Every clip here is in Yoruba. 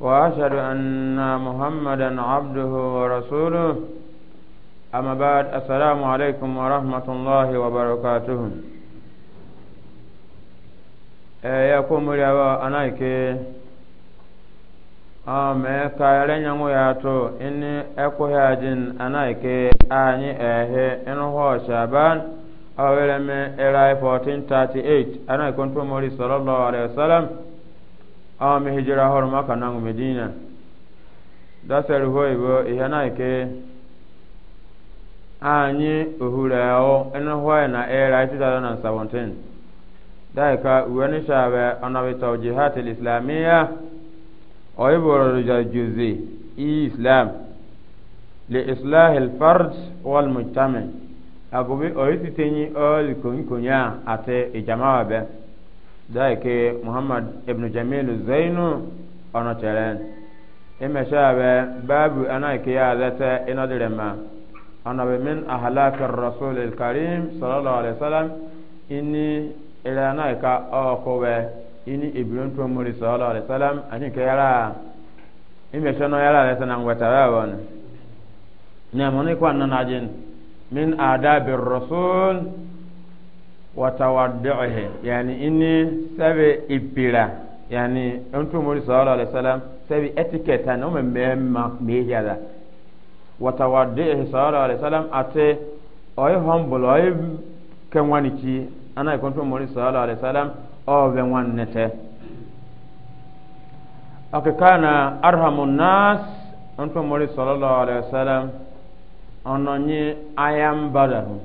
Wa shad na muhammad arasulu amabad salam alkrmlọ hiwart eomori nke ọme karnyanwehi tụ ne ekwoghidin anaghke anyị ehe ụhs re r ft3a ankoori sallsalam awa mi hijira hor maka nangu medina da sari ho ibo ihana ke anyi ohura yawo ene hoye na era 2017 da ka wani shabe anabi tawjihat al-islamiyya oyibo rajal juzi islam li islah al-fard wal mujtama agobi oyiti tenyi ol konkonya ate ijama be dai ke muhammad ibn jamilu zainu ono cheren ime shabe babu ana ke ya zata ina direma ana be min ahlakar rasul karim sallallahu alaihi wasallam inni ila na ka o ko ini inni ibrun to muri sallallahu alaihi wasallam ani ke yara ime shano yara le sanan wata rawon ne moni ko nan ajin min adabir rasul watawadduhi yani ini sɛbi ipira yani ntumori sallallahu alaihi wasallam sɛbi etiquette na mɛ ma meja da watawadduhi sallallahu alaihi wasallam ate ɔyɛ humble ɔyɛ kɛnwani ci ana ikon tumori sallallahu alaihi wasallam ɔbɛ ŋwan nɛtɛ ɔkɛ kana arhamu nas ntumori sallallahu alaihi wasallam ɔnɔnyi ayambadahu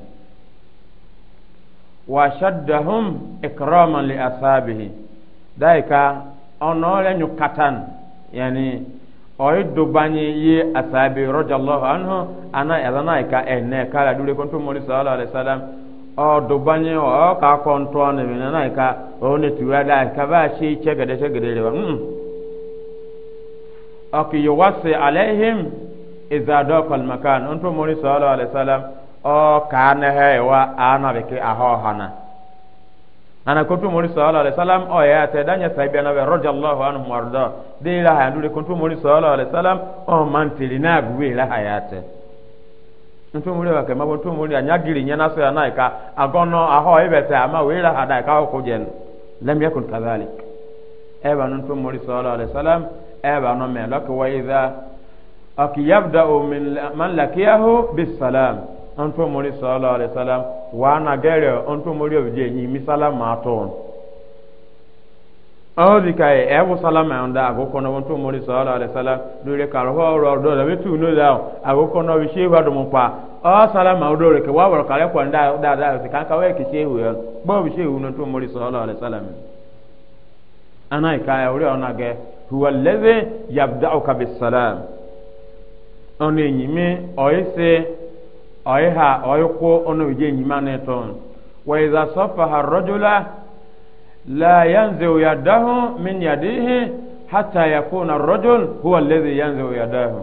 wa shaddahum ikraman li asabihi daika onole nyu katan yani oy dubani ye asabi radiyallahu anhu ana elana ka enne kala dure kontu moli sallallahu alaihi wasallam o dubani o ka kontu ne mina na ka o ne tuwa da ka ba shi chegede chegede le wa mm aki yuwasi alaihim idza daqa al makan ontu moli sallallahu alaihi wasallam ọ ka na he wa ana be ke aha hana ana kuntu muri sallallahu alaihi wasallam o ya ta danya sahibi na be radiyallahu anhu warda de la ha ndure kuntu muri sallallahu alaihi wasallam o man tili na buwe la hayate ntu muri wa kema kuntu muri anyagiri nyana so ya na ka agono aho ibete ama we la hada ka ko jen lam yakun kadhalik eba ntu muri sallallahu alaihi wasallam eba no me lokwa idha akiyabda min man lakiyahu bis onto mori sallallahu wa na gere onto obije nyi mi salama aton awdi kai e bu salama onda agokono onto mori sallallahu alaihi dure kar ho ọrụ ọrụ da metu no da agokono bi shehu do mo o salama o dore ke wawara wor kare ko nda da da se ke shehu yo huwa salam oyiha oyikwo ono bije nyima neton wa idha safaha ar-rajula la yanzi'u ya min yadihi hatta yakuna ar-rajul na alladhi yanzi'u yadahu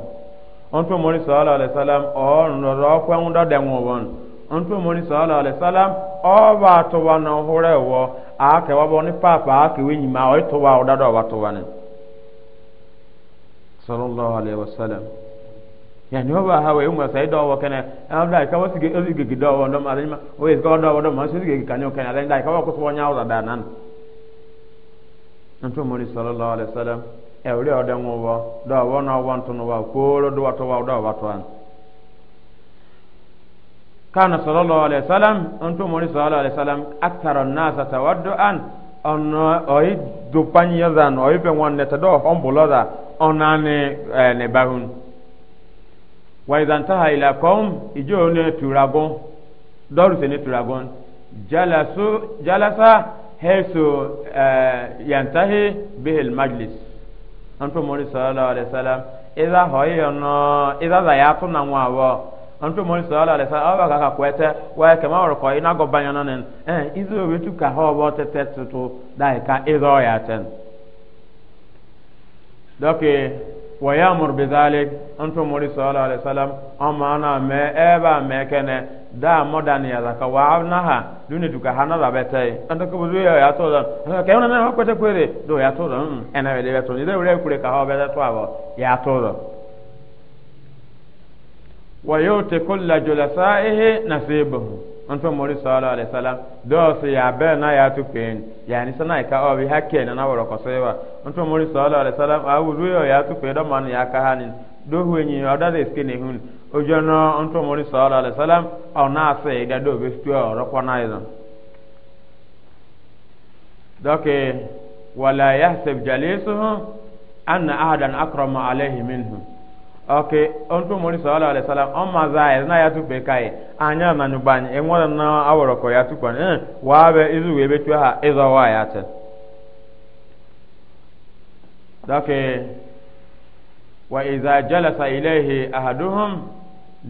onto mori sallallahu o nro kwa ndo de won onto mori sallallahu alaihi wasallam o ba o to wa yani baba hawe umwa sai do wa kana abda ka wasi ge ozi ge do wa ndo mara nyima o yes ka do wa ndo ma su ge kanyo kana ala ndai ka wa kusu wanya wa da nan antu muri sallallahu alaihi wasallam e ori o dan wo do wa na wa ntu no wa ko ro do wa to wa do wa to an kana sallallahu alaihi wasallam antu muri sallallahu alaihi wasallam akthara an-nasa tawadduan ono oyi do panya zan oyi pe wonne waizantaha ila kaum ijo ne turagon doru se ne turagon jalasu jalasa hesu uh, yantahi bihil majlis anto mori sallallahu alaihi wasallam idha hoyono idha zayatu na nwawo anto mori sallallahu alaihi wasallam aba kaka kwete wa kema wor ko ina go banyana nen eh izo wetu ka ho bo tete tutu dai ka idho yaten doke ويامر بذلك أنت مولى صلى الله عليه وسلم أما أنا ما أبا ما كان دا مدن يا ذاك وعبناها دون تك هنا ربتي أنت كبزوي يا تولا كأنا أنا أقول تقولي دو يا تولا أنا بدي بتوني ده ولا كولي كهوا بدي توابا يا تولا ويؤتي كل جلسائه نصيبه ntun mori sɔɔlɔ ale salam dɔw si yaa na yaa tu kpeen yaani yi ka ha kee na na wɔrɔ kɔsɛbɛ wa ntun mori sɔɔlɔ ale sala a ah, wulu yaa tu kpeen dɔ yaa aka ha ni do hu ɔ da ne hun o jɔ nɔ ntun mori sɔɔlɔ ale sala ɔ da do na yi e dɔke wala yahsab anna ahadan minhum Ok, oke ontu mori sallallahu alaihi wasallam on maza ya na ya tupe kai anya na nyubanye enwara na aworo ko ya tupu eh wa be izu wee betu ha izo wa ya te dake wa idza jalasa ilayhi ahaduhum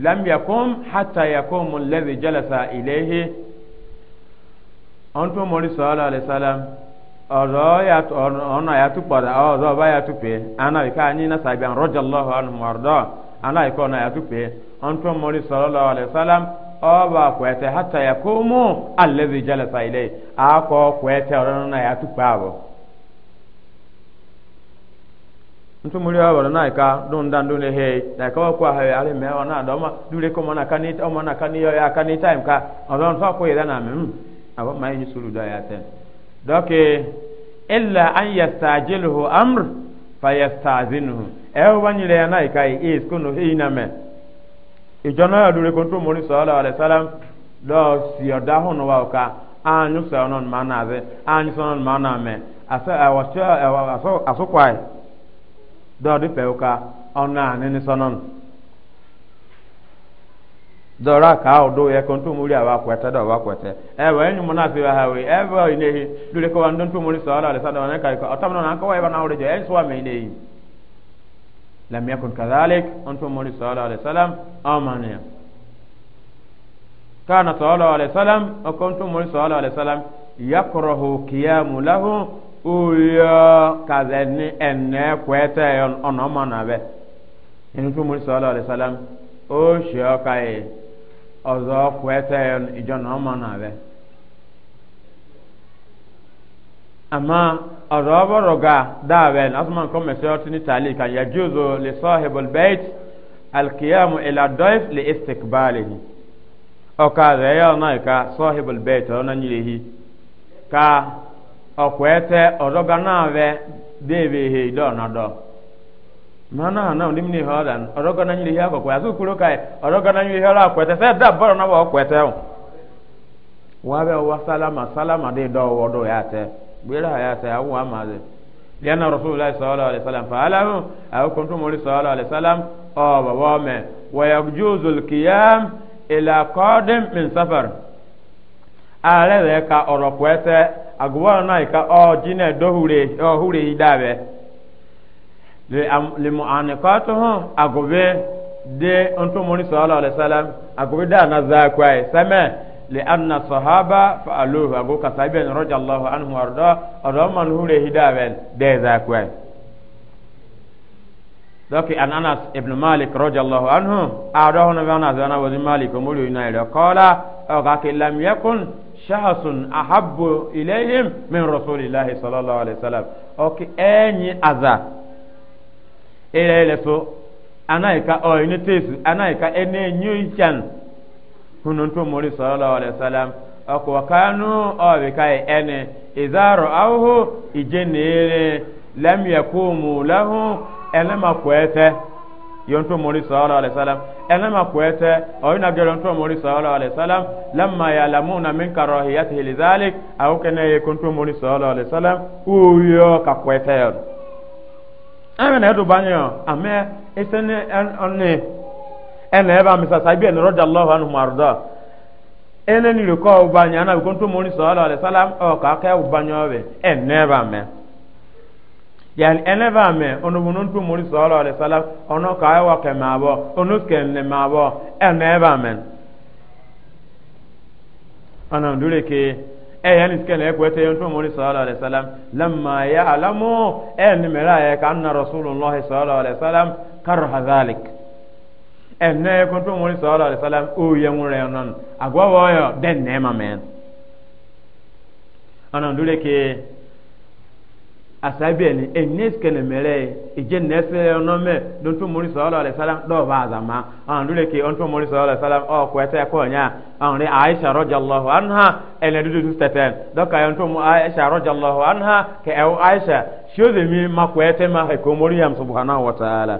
lam yakum hatta yakum alladhi jalasa ilayhi ontu mori sallallahu alaihi wasallam ọzọ ya ọnọ ya tụkpọrọ ọzọ ọba ya tụpe anyị na rọjallahu anhu mardọ anaghịkọ ọnọ ya tụpe ọntụ sọlọlọ ọ bụ akwete hata ya alezi ile akọ kwete na ya tụpe abụ ntụ mmiri ọbọrọ naịka dunda ndu na hei na ka ọkụ ahụ ya ọ na-adọ ọma dure ka ọma na aka n'ihe ya aka ka ọzọ nsọ kwụ ya na amị hmm, abụ ma anyị suru ya tem donc illa an yastajiluhu amr fayastazinuhu ewo banyire ya na ikai is kuno hina me ijona ya dure kontu muri sallallahu alaihi wasallam do si oda hono wa ka anyu sa non mana be anyu sa non mana me asa awacho aso aso kwai do di pe ka ona ne ni sonon dɔra kaa o do yɛ ko ntomori a b'a kɔɛtɛ dɔ a b'a kɔɛtɛ ɛ wa e ɲuman na se ba ha we ɛ bɛ ne lori ko wa ntomori sɔrɔ la alisa dama ne ka ɔ tamina na kɔwa yɛrɛ na o de jɛ ɛ sɔ mɛ ne ye lamiya kun kazalik ntomori sɔrɔ la alisa lam aw ma ne yan kaana sɔrɔ la alisa lam o ko ntomori sɔrɔ la alisa lam yakɔrɔho kiyamu lahu uyɔ kazɛ ni ɛnɛ kɔɛtɛ yɔ ɔnɔ ma na bɛ ntomori sɔrɔ la alisa o sɛ ọzọ kwete ijo na ọma na abịa amma ọzọ ọbọrọ ga daabel asman ko mesio tini tali kan yajuzu li sahibul bait alqiyamu ila doif li istikbalihi ọka zẹyọ náà ka sahibul bait ọ na nyirihi ka ọkwete ọzọ ga na abịa deebe ihe idọ na dọ mana na ndi mni hodan oroga na nyiri azu kuro kai na nyiri kwete se da boro na kwete o wabe wa salama salama de do bira awu ya rasulullah sallallahu alaihi wasallam fa alahu aw muri sallallahu alaihi wasallam o ba wa me wa yajuzul qiyam ila qadim min safar ale ka oro kwete agwa na ka o jine limu'anikatuhum agobe de onto mori sallallahu alaihi wasallam agobe da na za kwai e. sama li anna sahaba fa aluhu ago kasaben radiyallahu anhu warda adaman hure hidaben de za kwai e. doki an anas ibn malik radiyallahu anhu adahu na bana zana wazi malik mulu ina ila qala aga ke lam yakun shahasun ahabbu ilayhim min rasulillahi sallallahu alaihi wasallam oki enyi azza ere ele so anaika o oh, ine tesu anaika ene nyu chan hunun to mori sallallahu alaihi wasallam ako wakanu o oh, be kai ene izaro awho ijenere lam yakumu lahu elema kwete yonto mori sallallahu alaihi wasallam elema kwete o oh, ina gero yonto mori sallallahu alaihi wasallam lamma yalamuna min karahiyatihi lidhalik au kana yakunto mori sallallahu alaihi Salam. uyo kakwete yodo ame na ɛdoba ne ame ese ne ɔne ɛna ɛba misa sa ibi ɛna rɔja allahu anhu marda ɛna ni rekɔ ɔba ana bikɔ ntomo ni sɔɔla ɔle salam aka ɔba ọ ɔbɛ ɛna ɛba ɛna salam ka kɛmɛ abɔ kɛmɛ abɔ ɛna ẹ̀yẹn nìkan ẹ̀kọ́ ẹ̀tẹ́ yẹn tó mọ́ ní sọ́ọ́lá alẹ́ sálám lẹ́mà yà àlámọ́ ẹ̀ẹ́n ní mẹ́rẹ́ ayẹ ká nà rọ́sùlù lọ́hì sọ́ọ́lá alẹ́ sálám kárò hazalik ẹ̀ẹ́n náà ẹ̀kọ́ tó mọ́ ní sọ́ọ́lá alẹ́ sálám ó yẹ ń rẹ̀ nàn àgọ́wọ́ yọ dẹ́n nẹ́ẹ̀mà mẹ́n. ọ̀nà asabiɛni enes kene mele ije nese onome dontu mori sallallahu alaihi salam do ba zama an dule ke ontu mori sallallahu alaihi wasallam o ko eta ko nya an ri aisha radhiyallahu anha ele dudu du steten do ka ontu mu aisha radhiyallahu anha ke au e aisha shoze mi makwe tema ko mori yam subhanahu wa ta'ala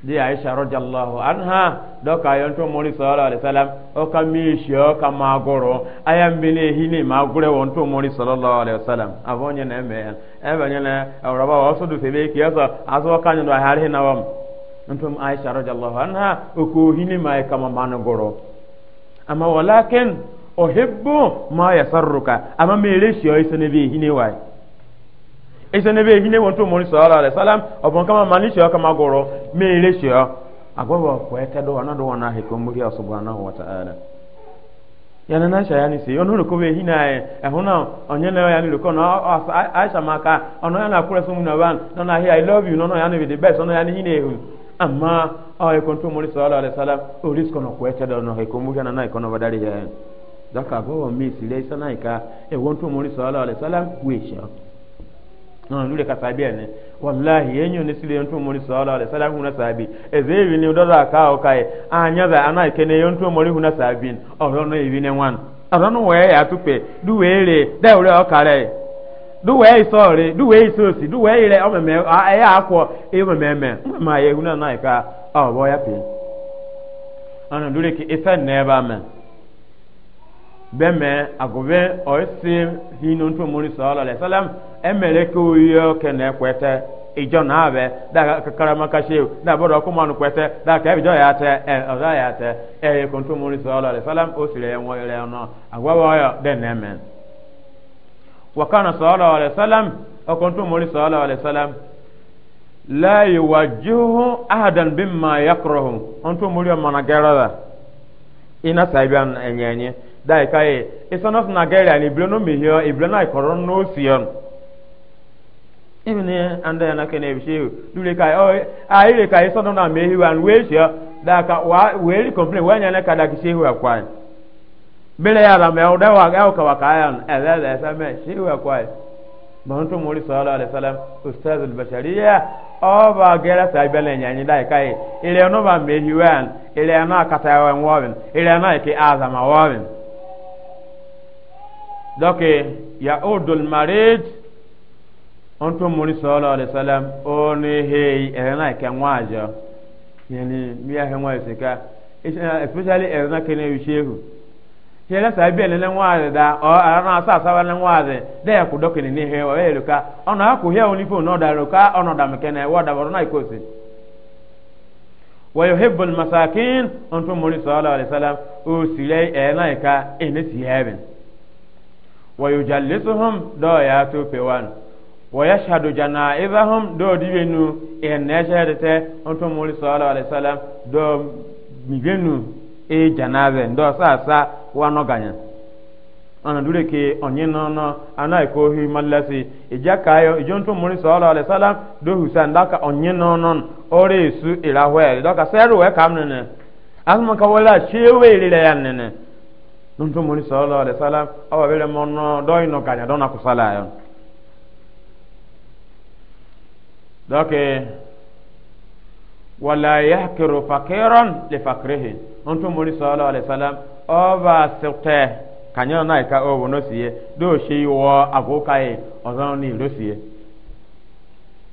di aisha radiyallahu anha doka yonto mori sallallahu alaihi wasallam o ka mi shio ka ma goro aya mbele hine ma gure wonto mori sallallahu alaihi wasallam avonye na me e banye na roba waso du sebe kiyasa aso ka nyando har hina wam ntum aisha radiyallahu anha o ko hine ma ka ma man goro amma walakin uhibbu ma yasarruka amma me re shio isene be hine wai esenebe hine wonto mori sallallahu alaihi wasallam obon kama manisho kama goro mere sho agwaba ko eta do wana do wana he ko muri subhanahu wa ta'ala yana na sha yani se ono ko be hina e ehuna onye na yani lo ko no aisha maka ono yana kure so muna ban no na here i love you no no yani be the best ono yani hine ehu amma ay e ko to mori sallallahu alaihi wasallam o risko no ko eta do no he ko na na ko no badari he daka go mi sile sana ka e mori sallallahu alaihi wasallam na lule ka sabi ene wallahi yenyo ne sile yonto mori huna sabi ni dola ka o kai anya za ana yonto mori huna sabi no ne wan no we ya tupe du we re da ore o kare du we so re du we so si du we re o a e, ya akwo e meme ma ye huna na ka o bo ya pe ana ki ne ba bɛmɛ agobe ɔsi hinu tó mori sɔɔlɔ lɛ sɛlɛm ɛmɛlɛ kó yɔ kɛnɛ kɔɛtɛ ìjɔ náà bɛ dàgbà karama kase dàgbà bɔdɔ kó mɔnu kɔɛtɛ dàgbà ɛbí yà tɛ ɛ ɔdɔ yà tɛ ɛyɛ kó tó mori sɔɔlɔ lɛ sɛlɛm ó sì lè wọn wakana sɔɔlɔ lɛ sɛlɛm sɔɔlɔ lɛ sɛlɛm ahadan na la dai kai nọ na gaira ni blono mi hiyo iblona nọ no sion ibne anda na kene bishi dule kai kai na me da ka wa we complain na ka da kishi hiwa ya o ka ka ya ele ele sa me shi hiwa kwa mahantu muri sallallahu alaihi ustaz ba gera sa dai kai na kata na azama dɔke ya odol marid on to muri sallallahu alaihi wasallam on he erna ke nwajo yani mi especially erna ke ne ushehu yẹlẹ sáà bí ẹnìyẹn wáàdì dá ọ àrùn asáàsáwá ẹnìyẹn wáàdì dẹ́yà kò dọ́kì ní ihe ọ̀ ẹ̀yẹ lóka ọ̀nà akò hẹ́ òní fóònù ọ̀dà lóka ọ̀nà ọ̀dàmìkẹ́ ويجلسهم دو ياتو بيوان ويشهد جنائزهم دو دينو إن نشهدت أنتم مولى صلى الله عليه وسلم دو ميبينو إيه جنازة دو ساسا وانوغانيا ana dure ke onye nono ana ko hi mallasi ija kayo ijo nuntu muni sallallahu alaihi wasallam awa bere monno doy no ganya na ku sala yo doke wala yahkiru fakiran li fakrihi nuntu muni sallallahu alaihi wasallam awa sirte kanya na ka o wono siye do shi wo ka e ozon ni rosiye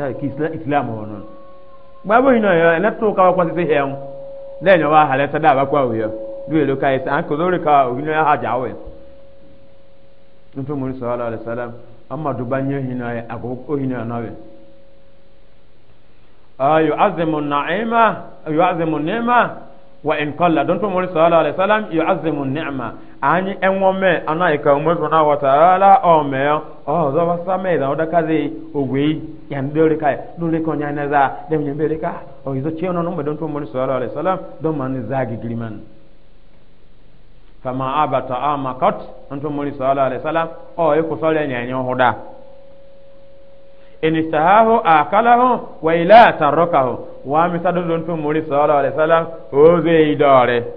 Eh, ki islam wonon babu ino yo ele to ka kwa se hen le nyo wa hale sada ba kwa wiyo du ele ka isa an ko zori ka ogino ya haja we ntu muri sallallahu alaihi wasallam amma du banye hina ya ago ko hina na we ayu azimu na'ima ayu wa in qalla don tumori sallallahu alaihi wasallam yu'azzimu ni'ma ani enwome ana ika umwe tuna wa ta'ala o me o oh, zo wasame da oda kazi ogwe ya ndore kai dole ko nyane za dem nyembe de ka o oh, izo che ono nombe don tumori sallallahu alaihi wasallam don man zagi giliman fama abata amakat don tumori sallallahu alaihi wasallam o oh, e ko sole nyanyo hoda in istahahu akalahu wa ila tarakahu wa mi sadu don to muri sallallahu alaihi o ze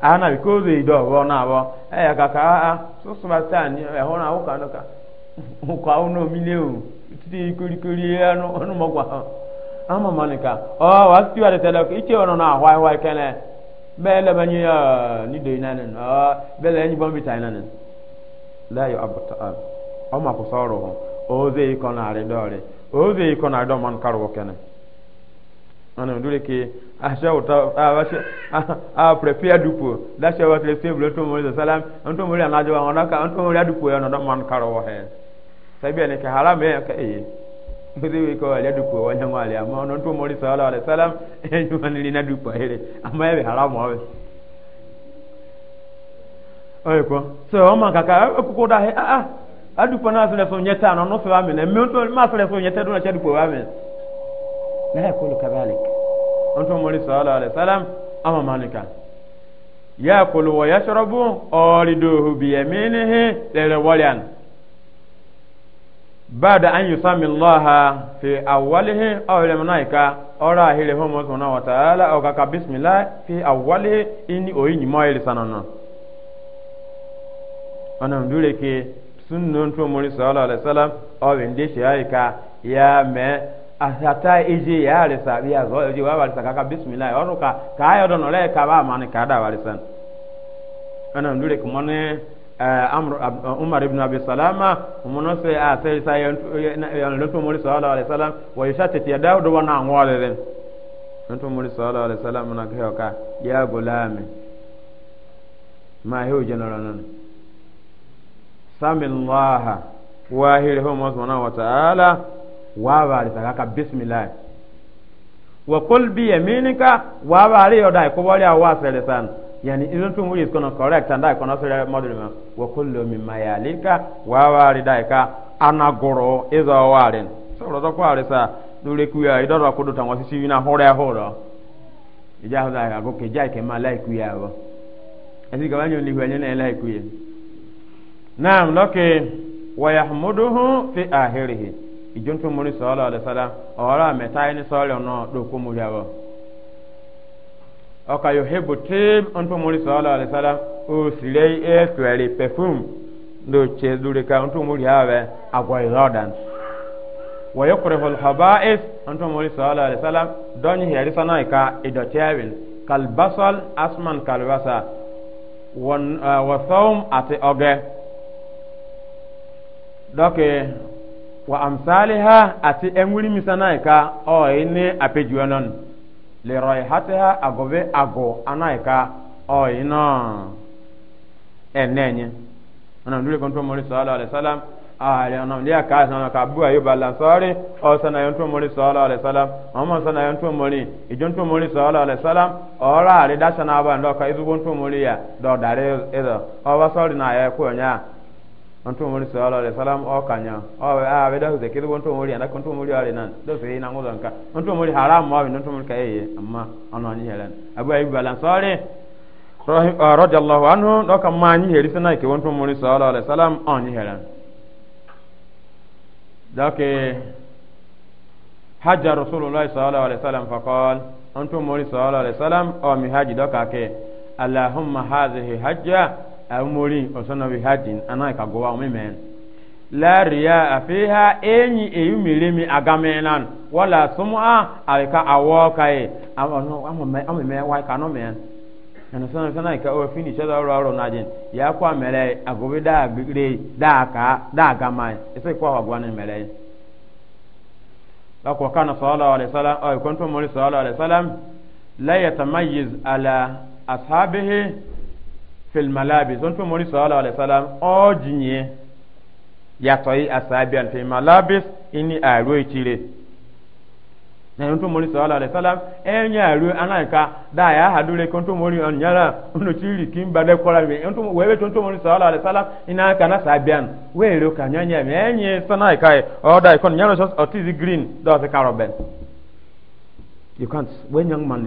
ana bi ko ze ido bo na bo ah, ah, eh, e eh, oh, ya a so so e ho na ka no ka ho ka mi le o ti ya no no mo kwa ama o wa ti wa de tele na kene ya ni de na nen o bele ni na nen la yu al o ma ko soro o ze ikona dore o ze ikona do man ana ndure ke asha uta awasha a prepare dupo dasha wa tele stable to mo salam anto mo ana jawa ona ka anto mo dupo ya na man karo wa he sabi ne ke haram e ka e mbe we ko ya dupo wa nyama ali ama ona to mo sallallahu alaihi wasallam e nyuma ni na dupo hele ama e haram wa oye ko so o kaka e, e kuko da he a a adupo na sele so nyeta no no fe wa me ne me to ma so nyeta do cha dupo wa me لا يقول كذلك أنت مولي صلى الله عليه وسلم أما مالكا يأكل ويشرب أولدوه بيمينه للوليان بعد أن يسمي الله في أوله أو الملائكة أرى هلهم سبحانه وتعالى أو كاكا بسم الله في أوله إني أوين مايل سنانا أنا مدولك سنن أنت مولي صلى الله عليه وسلم أو إندي شيئا يا مي asata eje ya arisa bi azo eje wa barisa kaka bismillah onu ka ka ayo don ole ka ba mani ka da barisan ana ndure kuma ne eh, amr umar ibn abi salama mun se a ah, sai sai yan lutu muri sallallahu alaihi wasallam wa yashatta ya daud wa na ngwale den lutu muri sallallahu alaihi wasallam na ka ka ya gulami o hiyo jenara nan samillaha wa hilhu subhanahu wa ta'ala waawari saka ka bisimilahi wa kul bi yaminika waawari yoda ko wari awa sele san yani izon tu muri kono correct and i kono sele model ma wa kullu mimma yalika waawari dai ka anagoro izo warin so ro ko ari sa dure ku ya idoro ko dutan wasi si na hore horo ija ho dai ago ke jai ke malaiku ya wo asi ga wanyo ni wanyo na malaiku ye naam loke wa yahmuduhu fi ahirihi ijonto mori sallallahu alaihi wasallam ora meta ni sallallahu no do ko muri abo oka yo hebo tib onto mori sallallahu alaihi wasallam o sirei e kwere perfume do che dure ka onto muri ave agwa irodan wa yakrahu al haba'is onto mori sallallahu alaihi wasallam doni heri sana ka idotewin kal basal asman kal basa wa uh, wa thawm ati oge doke wa amsalha ati enwuri misana ka o ine apejuwa non le raihatiha agobe ago anaika o ina enenye ana ndule kontu mori sallallahu alaihi wasallam ali ana ndia ka sana ka bu ayo bala sore o sana yontu mori sallallahu alaihi wasallam amma sana yontu mori ijontu mori sallallahu alaihi wasallam ora ali dasana ba ndoka izugo ntu mori ya do dare edo o ba sori na ya ko nya ntu muri sallallahu alaihi wasallam o oh, kanya o oh, a ah, be da ze kidu ntu muri ana kuntu muri ari nan do se ina ngozan ka ntu muri haram ma oh, ntu muri ka yeye eh, eh, amma ana ni helen abu ayyub balan sare uh, radiyallahu anhu do kam ma ni heri sana ke ntu muri sallallahu alaihi wasallam on ni helen da ke hajja rasulullahi sallallahu alaihi wasallam fa qal ntu muri sallallahu alaihi wasallam o amori osana bi hadin ana ka gowa o memen la riya fiha enyi eyu miremi agamenan wala sum'a alika awoka e amano amame amame wa ka no men ana sana sana ka o finish da ro ro na jin ya kwa mere agobe da da ka da gamai ese kwa wa mere fil malabis on mori sallallahu alaihi wasallam o oh, jinye ya toyi asabian ini aro itire na on to mori sallallahu alaihi wasallam enya aro anaka da ya hadure kon to mori on nyara ono chiri kin bale kola me on to wewe to mori sallallahu alaihi wasallam ina kana sabian we ro kanyanya me enye sana kai o oh, da kon nyara so otizi oh, green do se karoben you can't when young man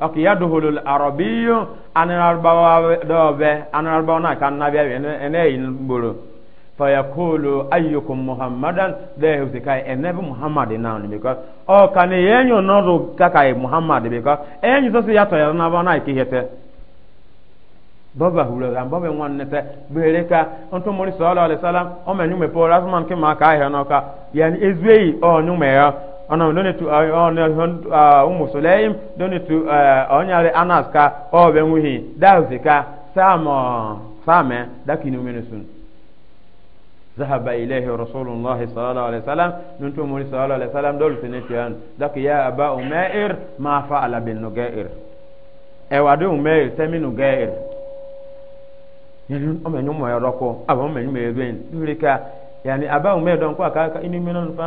ok ya duhulul arabiyu anarbawa dobe anarbawa na kan nabi ene yin buru fa yaqulu ayyukum muhammadan da yusi kai muhammad e na ni because o kan yenyo no kaka muhammad because enyo so ya to ya na ba na ki hete baba hula baba ne mori sallallahu alaihi wasallam o me nyume po rasman ya no ka yani ezwei o nyume ya ona done tu ona hon umu sulaim done tu e, onya re anas ka o be nwi dawe ka samo same dakinu menusun zahaba ilayhi rasulullah sallallahu alaihi wasallam nuntu muri sallallahu alaihi wasallam dole tinetian dak ya aba umair ma fa'ala bin nugair e wadu umair teminu gair yẹnu ọmọ ẹni mọ ẹrọ kọ àbọ ọmọ ẹni mọ ẹrọ ẹni lórí ká yàní abáwọn mẹẹdọ nǹkó àkàkà inú mi náà nípa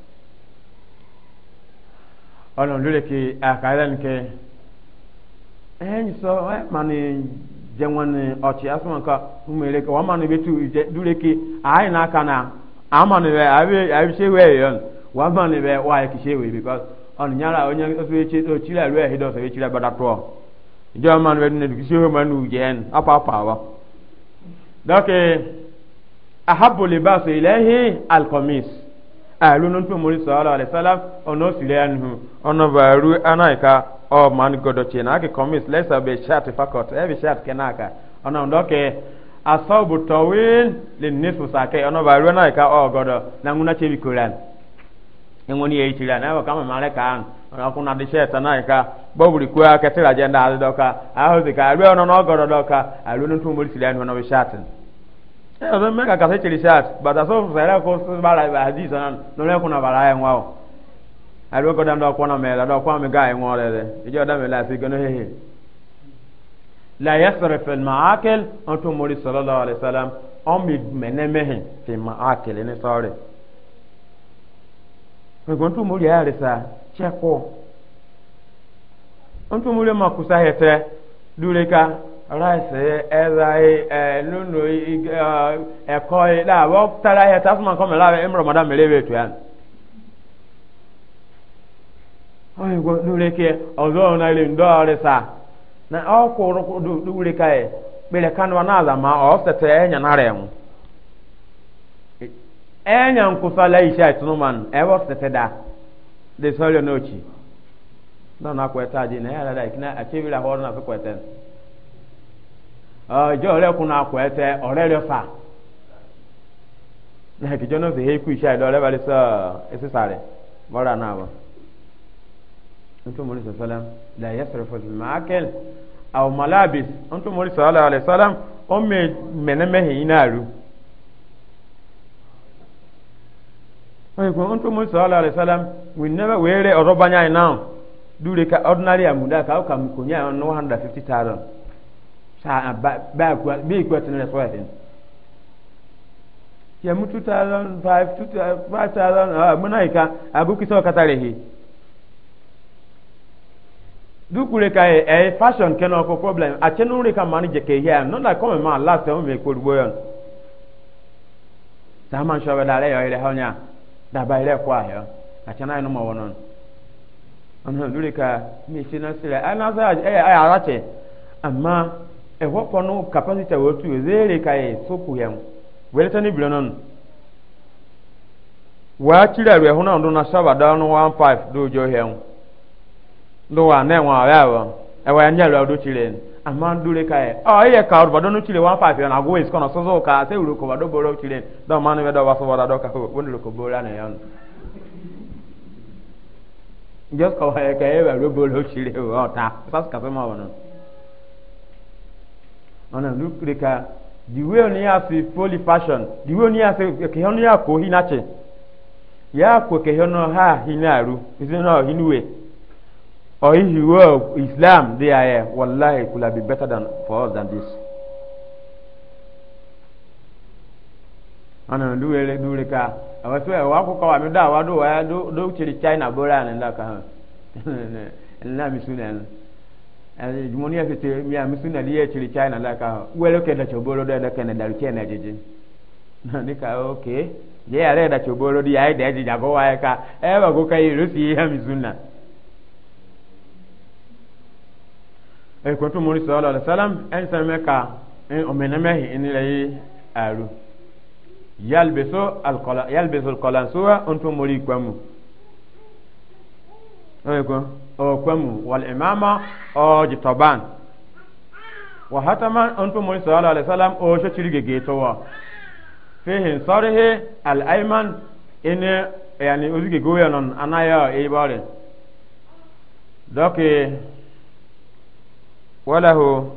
ọlọ́run lórí ke àkàrà nke ke ẹ̀yìn sọ ẹ̀ mà ní jẹun ní ọ̀chì asọ́mọ̀ nǹkan mmiri ke wọ́n ke àáyì náà kà náà àmà ní bẹ́ẹ̀ àbí àbí ṣé wẹ́ẹ̀ yọ̀ wọ́n onye ọ̀sọ̀ echi ọ̀chì ruo lóyè ẹ̀hídọ̀ echi rẹ̀ gbadá tụọ. ìjọ mà ní bẹ́ẹ̀ nínú kì í ṣe wẹ́ẹ̀ mà ní ùjẹ́ ẹ̀ apá apá wa. dọ́kì alkọmis. aru nun tu muri sallallahu alaihi wasallam ono sire anhu ono anaika o man godo chena ke komis lesa be shat fakot e be shat kenaka ono ndoke asabu tawil lin nisfu sake ono baru anaika o godo na nguna chebi kuran ngoni e itira na ba kama mare kan ono kuna de shat anaika bobuli kwa ketira jenda adoka ka aru ono no godo doka aru ɛn mɛ ka kase tsiri sat bata so sɛrɛ ko bala adi sɛnɛ lɔlɛ kuna bala yɛ ŋua o alo ko dandɔ kɔnɔ mɛ la dɔ kɔn mi ga yɛ ŋua lɛ dɛ idjɔ dɛ mi la si gɛnɛ hehe la yɛ sɛrɛ fɛn ma akɛl an tó mori sɔlɔ lɔ alẹ sɛlɛm an mi mɛnɛ mɛhɛn fi ma akɛl ni sɔɔri nǹkan tó mori yɛ yɛrɛ sa tiɛ kɔ an rice ɛza yi ɛɛ eh, nunu yi ɛɛ ɛkɔ yi la wɔ tara yɛ tasuma kɔmi la ɛmu ramadan mele bɛ to yan ɔyɛ ko nure kɛ ɔzɔ na le ndɔɔri sa na ɔkò du duwuri eh, ka yɛ kpele kanu wa n'aza ma ɔsɛtɛ ɛnyana rɛ ŋu ɛnya nkusa la yi sɛ tunu ma nu ɛwɔ sɛtɛ da de sɔlɔ n'otsi dɔnku akɔ ɛta di na yɛrɛ da yi kina atsebiri akɔ ɔdun afi kɔ ɛtɛ nu. ọjọ́ rẹ̀ kún akọ ẹsẹ̀ ọ̀rẹ́ rẹ̀ fà náà kìjọ́ náà sì hẹ́kù iṣẹ́ ẹ̀dọ́ ọ̀rẹ́ bá sọ ẹsísà rẹ̀ bọ́ra náà bọ̀ nítorí mo ní la yẹ sọrọ fún mi máa kẹ́lì nítorí ó mẹ mẹ́nẹ́mẹ́hìn yín náà rú. nítorí we never dúró ka ordinary ká ó kà mí kò ní saa baa kuwa bii kuwa tini rɛsɔɔ hin yamu two thousand five two five yi ka ka fashion problem a cɛ nuri mani jɛ ke hiya nɔ na man ma last time mi kori boyan Ta man sɔbɛ da ya daba ha kɔ a yɛ a cɛ n'a yɛ ka na siri ɛ n'a sɔrɔ ɛ ɛ ara amma ewa pɔnu kapasita wotu ezeere ka ye sopu yam wɛlɛtɛ ni bilɔn nɔnu waa kyerɛ awia ho na ɔdo na saba dɔɔ no one five do ojo yam do wa nɛ wɔn awia wɔ ɛwɔ yɛn nyɛ awia do kyerɛ ama dure ka ye ɔ eyɛ ka ɔrɔba dɔ no kyerɛ one five yɛn agogo esi kɔnɔ soso ka se wuro boro ma no bɛ ka wɔn ko boro ana yɛn kɔ wɔyɛ ka boro ana lukre ka the way ni ya si foli fashion the way ni ya si ke hono ya ko hinache ya ko ke hono ha hinaru isin no hinwe or if you were islam they are here wallahi could have been better than for us than this ana luwele dure ka awasu e wa ko ka wa mi da wa do wa do chiri china bora ne la ka ha na mi sunan jumunia kete mia misuna liye chili china laka welo kenda chobolo da kenda dalu chena jiji nika okay ye ale da chobolo di ai deji jago wae ka ewa go kai rusi ya misuna e ko tumu ni sallallahu alaihi wasallam en same ka en omena mehi en lei aru yalbisu alqala yalbisu alqalansuwa antum muri kwamu e ko okwamu wal imama o jitoban wa hatama antu mun sallallahu alaihi wasallam o sho chirige getowa fihi sarihi al ayman in yani uzige goya non anaya e bare doke walahu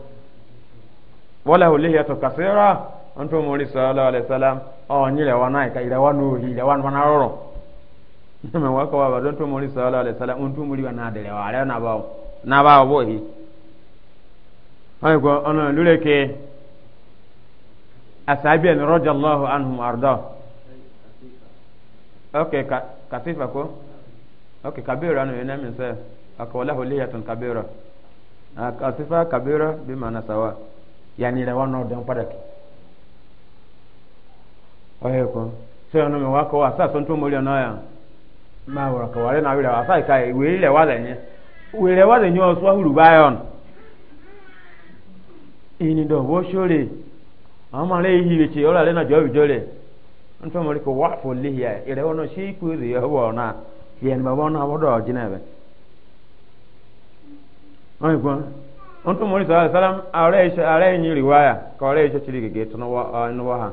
walahu lihiyatu kasira antu mun sallallahu alaihi wasallam o nyile wanai ka ire wanu ile wan wanaroro nyama waka wa don to mori sallallahu alaihi wasallam un to mori wa na dele wa ala na bawo na bawo bo hi ay go ana lule ke asabi an radiyallahu anhum arda okay ka kasifa ko okay kabira no yana min sa akawala huliyatun kabira kasifa kabira bi mana sawa yani da wannan don padaki ay ko sai ana me waka wa sa son to mori na ya ma wara ka wale na wira wa sai kai wele wale nye wele wale nye osu ahuru bayon ini do bo shore ama le hire che ola le na jo bijore nto mo ko wa fo le ya ire wono shi ku ri ya wo na yen ma wona wo do jinebe ai kwa nto mo ri sallam are are ni riwaya ka ore che chiri gege to no wa no wa ha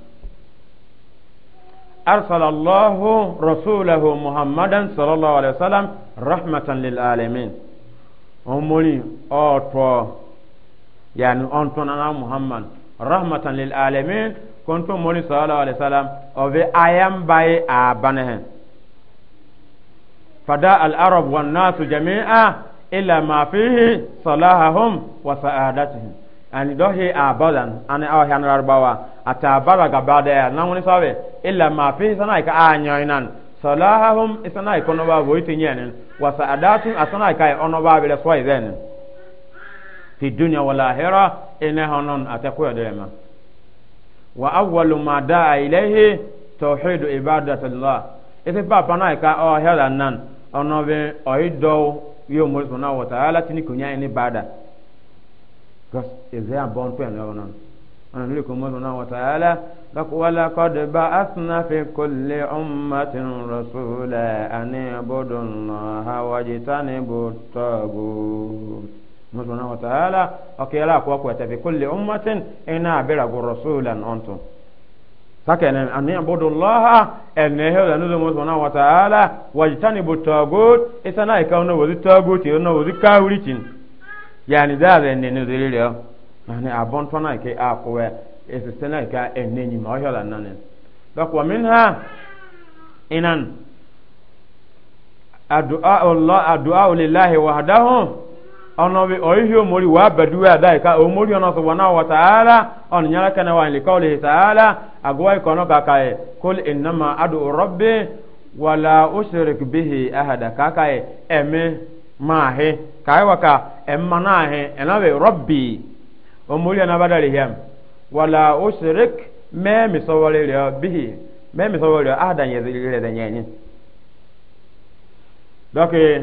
أرسل الله رسوله محمدا صلى الله عليه وسلم رحمة للعالمين أمولي أوتو يعني أنتون أنا محمد رحمة للعالمين كنت مولي صلى الله عليه وسلم أوفي أيام باي آبانه فدا العرب والناس جميعا إلا ما فيه صلاحهم وسعادتهم ani abadan ani A rarbawa ata baraga bada na woni sabe illa ma fi sana ka anyoinan salahahum isana ko no ba voiti nyenen wa a sana ka ono ba bele so izen fi dunya wal akhirah ina hanon wa awwalu ma da'a ilayhi tawhid ibadati allah pana ka nan wa tini ni bada because eze a bɔn pɛn lɛ wɔnɔ ɔnà nílò kò mɔsɔn náà wọta yàrá lọkọ wàlá kọdù bá asuna fi kulè ɔmmatin rasulẹ ani bodò nà wàjì tani bò tọ́gù mɔsɔn náà wọta yàrá ɔkè yàrá kó kó ɛtẹ fi kulè ɔmmatin iná abira gò rasulẹ nọntò sakɛnɛ ani abudu lɔha ɛnɛhɛ la nuzo mɔsɔn náà wọta yàrá wàjì tani bò tɔgù isanayika ɔnà wòzi tɔgù tì ɔnà wòzi káwìrì tì. yani da be ne ne dole le mane abon tona ke a ko we esisena ka enne ni ma yola nanen dak wa minha inan addu'a Allah addu'a lillahi wahdahu ono bi oyihi omori wa baduwa dai ka omori ono subhanahu wa ta'ala on nyala kana wa liqawli ta'ala agwa ikono ka kai kul innama ad'u rabbi wala ushrik bihi ahada ka kai eme mahe kai waka emma na he enawe rabbi o muri na badari hem wala usrik me mi sawale le bihi me mi sawale adan ye zile da nyenyi doke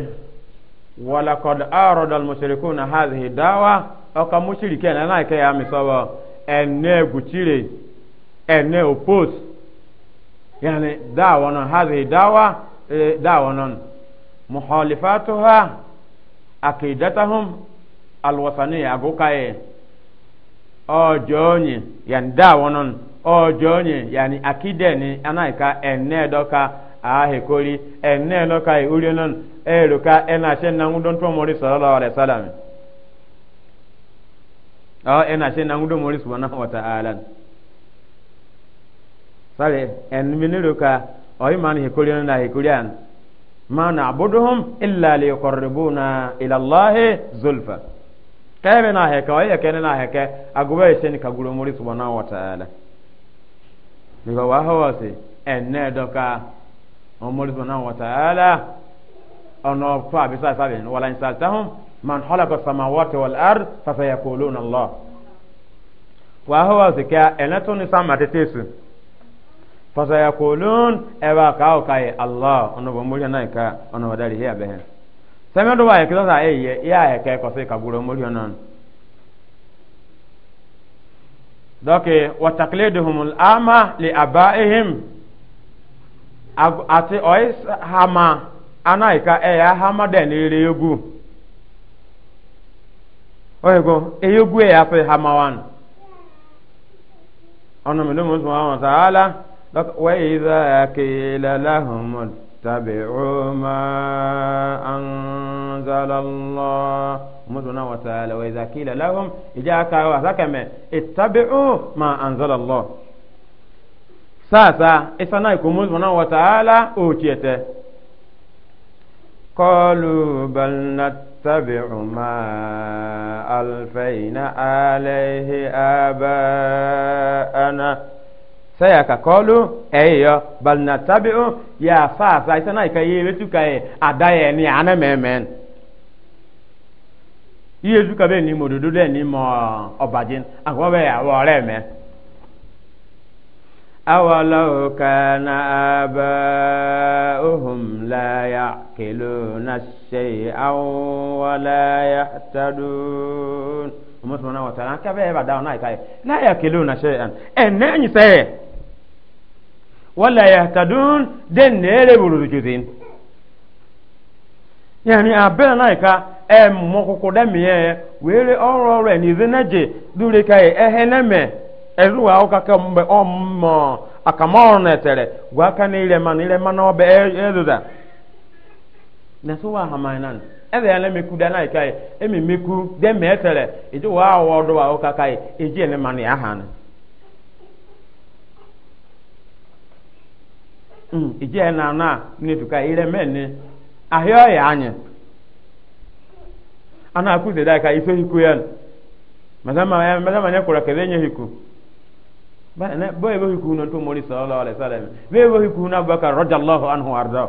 wala qad arada al mushrikuna hadhihi dawa o ka mushrike na na ke ya mi sawa enne guchire enne opos yani dawa non hadhihi dawa eh, dawa non muhalifatuha akidatahum alwasaniya agokaye ojoonye yani dawonon ojoonye yani akideni anaika enedoka ahekori enedoka urionon eruka enashe na ngudon tomori sallallahu alaihi wasallam o enashe na ngudon mori subhanahu wa ta'ala sare en miniruka oimani hekori na hekorian ma na'buduhum illa liyuqarribuna ila allahi zulfa kaybe na heke wa yake na heke aguba ise ni kaguro muri subhanahu wa ta'ala niga wa hawa se enne doka omuri subhanahu wa ta'ala ono fa bi sa sabe wala insaltahum man khalaqa samawati wal ard fa sayaquluna allah wa hawa se ka enato ni sama ya fasayakulun ewa kawo kai allah ono bo muri na ka ono wadari hiya behe sami do waye kido sa e ye ya e ke ko se ka guro muri onon doke wa taqliduhum al ama li abaihim ati ois hama anaika e ya hama de ni re yogu oyego e yogu e ya fe hama wan ono mi lo mo so wa ta'ala وإذا قيل لهم اتبعوا ما أنزل الله مدنا وتعالى وإذا قيل لهم إجاك وذكما اتبعوا ما أنزل الله ساسا إسانا يكون مدنا وتعالى أوتيته قالوا بل نتبع ما ألفينا عليه آباءنا saya ka kolu eyo bal natabi'u ya fa fa sana ka yewe tuka e adaye ni ana memen iye tuka be ni mododo de ni mo obajin akwa be ya wo re me awalau kana aba'uhum la ya'qiluna shay'an wa la yahtadun Umar subhanahu wa ta'ala kabe ba dawo na kai la ya'qiluna shay'an en ne sai wala yahtadun den nere buru juzin yani abena naika em mokoko da miye were ọrụ ọrụ ni zenaje dure kai eheneme eruwa uka ka mbe ommo akamọrọ etere gwa aka na ile ma na ile ma na ọbẹ ezuza na so wa hamainan ebe yana meku da naika emi meku dem etere eji wa awọ ọdụ wa uka kai eji ene ma na ya ije na na ni tuka ire menne ahyo ya anye ana akuze da ka iso hiku yan mazama ya mazama ne kura kebenye hiku ba ne bo ebo hiku no to mori sallallahu alaihi wasallam be ebo hiku na bakar radiyallahu anhu arda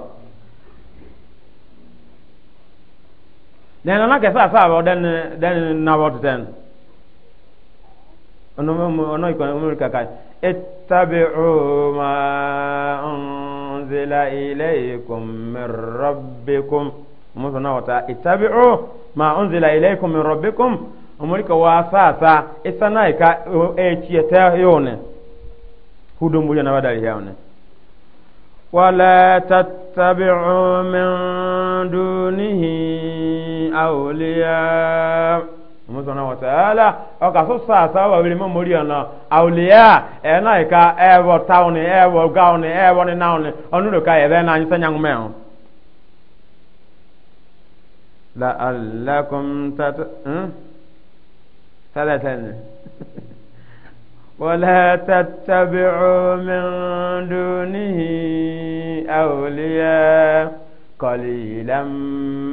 ne na ka sa sa den den na wot den ono ono iko ono ka ka ittabi'u ma unzila ilaykum min rabbikum musana wata ittabi'u ma unzila ilaykum min rabbikum umulika wa sasa isana ka e chiyeta yone hudumbuya na badali yone ولا تتبعوا من دونه أولياء musana wa ta'ala o ka so sa sa wa wele mo mori ona awliya e na ka e wo town e ni noun onu ka e na anyi sanya ngume o la hmm salatan ولا تتبعوا من دونه أولياء قليلا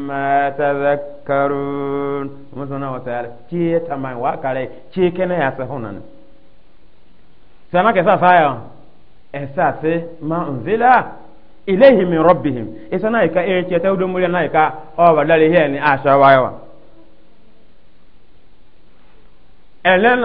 ما تذكرون مسنا وتعالى شيء تمام وكالي شيء كنا يسهونن سما كسا فايا اساس ما انزل اليه من ربهم اسنا يكا ايه تاودو مولنا يكا او بدل هي ني اشا وايوا ɛlɛn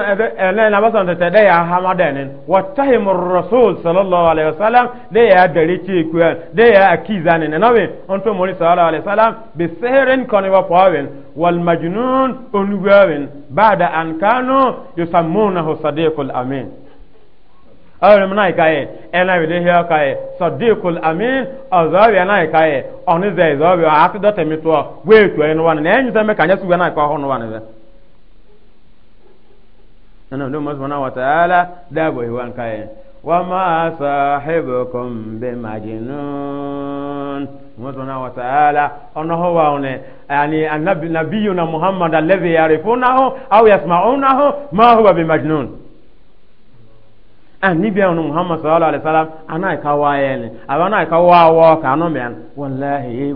na basan tɛtɛ dɛ y'a hama dɛnin wa tahimu rasul sallallahu alaihi wa sallam de y'a gari ci kuyɛ de y'a kiza nin na bi on to mori sallallahu alaihi wa sallam bi sehirin kɔni wa pɔwin wal majnun onugawin ba'da an kanu yusammunahu sadiqul amin awon mu nai kaye ɛna bi de hiya kaye sadiqul amin azawi ana kaye ɔni zɛ zɔbi a ti dɔ tɛmi tɔ wei tɔ yi ni wani na ɛnyi sɛ mɛ kanyɛ sugu ɛna kɔ nana ndo mo subhanahu wa ta'ala dabo hiwan wa ma sahibukum bi majnun mo subhanahu wa ta'ala na muhammad wa one yani na nabiyuna muhammad alladhi yarifunahu aw yasma'unahu ma huwa bi majnun an ah, bi anu muhammad sallallahu alaihi wasallam ana ka wa ka wa wa ka no an wallahi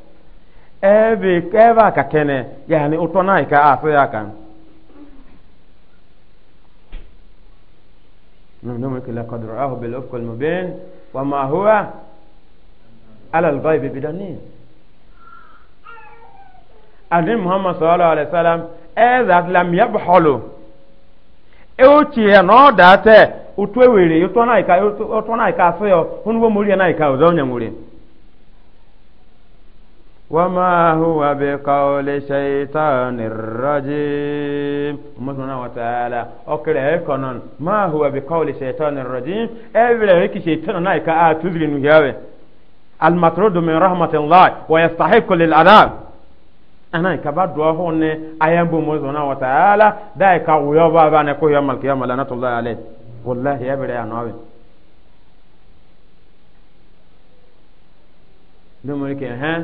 ebe ebe aka kene yani ụtọ na ka aso ya kan نملك لقد رآه بالأفق المبين وما هو على الغيب بدليل أدين محمد صلى الله عليه وسلم إذا لم يبحلوا أوتي نودات أتوي ويري أتونا إيكا أتونا إيكا سيو هنو مريا نايكا وزونا مريا وما هو بقول شيطان الرجيم سبحانه وتعالى أكره كنون ما هو بقول شيطان الرجيم أبلا هيك شيطان نايكا آتوزري نجاوي المطرود من رحمة الله ويستحق للعذاب أنا كبار دعوهن أيام بمزونا وتعالى دايك ويوبا بانكو يوم القيامة لعنة الله عليه والله أبلا يا نوابي دمريك ها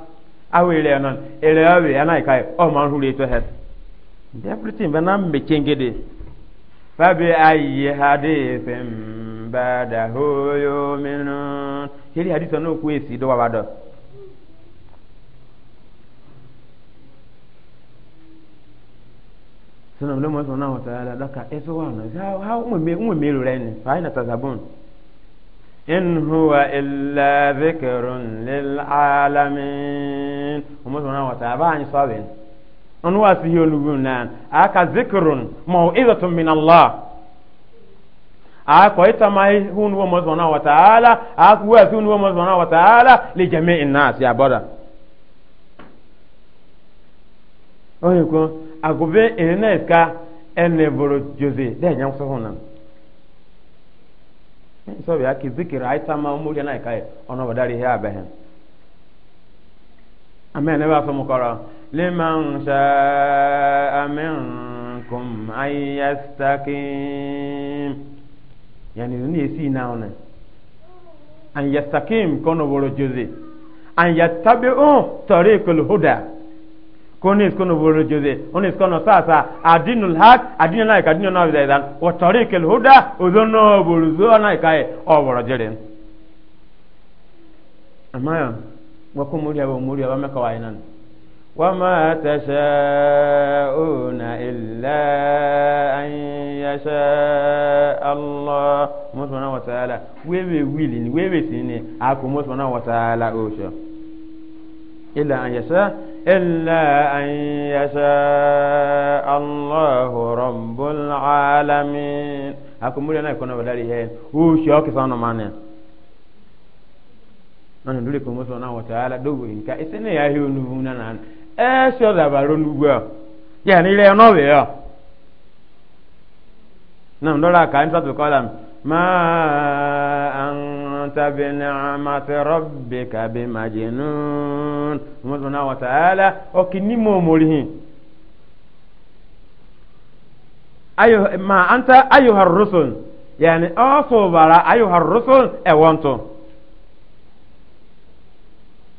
awele ya nan ele ya ana ikai o oh, man hule to het deputy uh, uh, be kengede fa bi ayi hadithin badahu yu'minun hili hadith no ku esi do ha in huwa illa lil alamin. nin e umar anyị wa ta'ala ba ni saben on wa aka yolugun ma ọ zikrun mau'izatun min Allah a ko ita mai hun wa mazana wa ta'ala a ko wa hun wa mazana wa ta'ala li jami'in nas ya bada oye ko agobe ene ka ene boro jose de nyam so Amen. ní bá fún mu kọ́rọ̀ liman sha'a minkum an yastaqim yàní ní èsì náà ọ̀nà an yastaqim kọ́nà wọ́rọ̀ jose an yattabi'u tariqal huda kone is kono boro jose on is kono sasa adinul haq adinul haq adinul na vida idan wa tariqul huda uzono boro zo na kai o boro jere amaya wako muri abo muri aba meka wayinan wama tashauna illa an yasha Allah musbana wa ta'ala wewe wili ni wewe sini ako musbana wa ta'ala osho illa an yasha illa an yasha Allah rabbul alamin ako muri na ikono badali he osho kisano manen nanu dole ko musu na wa taala dogo in ka isene ya hiyo nu na na e so da baro nu gwa ya ni le no be ya nam dola ka inta to kalam ma anta bi ni'mati rabbika bi majnun musu na wa taala o kinni mo morihi ayo ma anta ayuha rusul yani aso bara ayuha rusul e wonto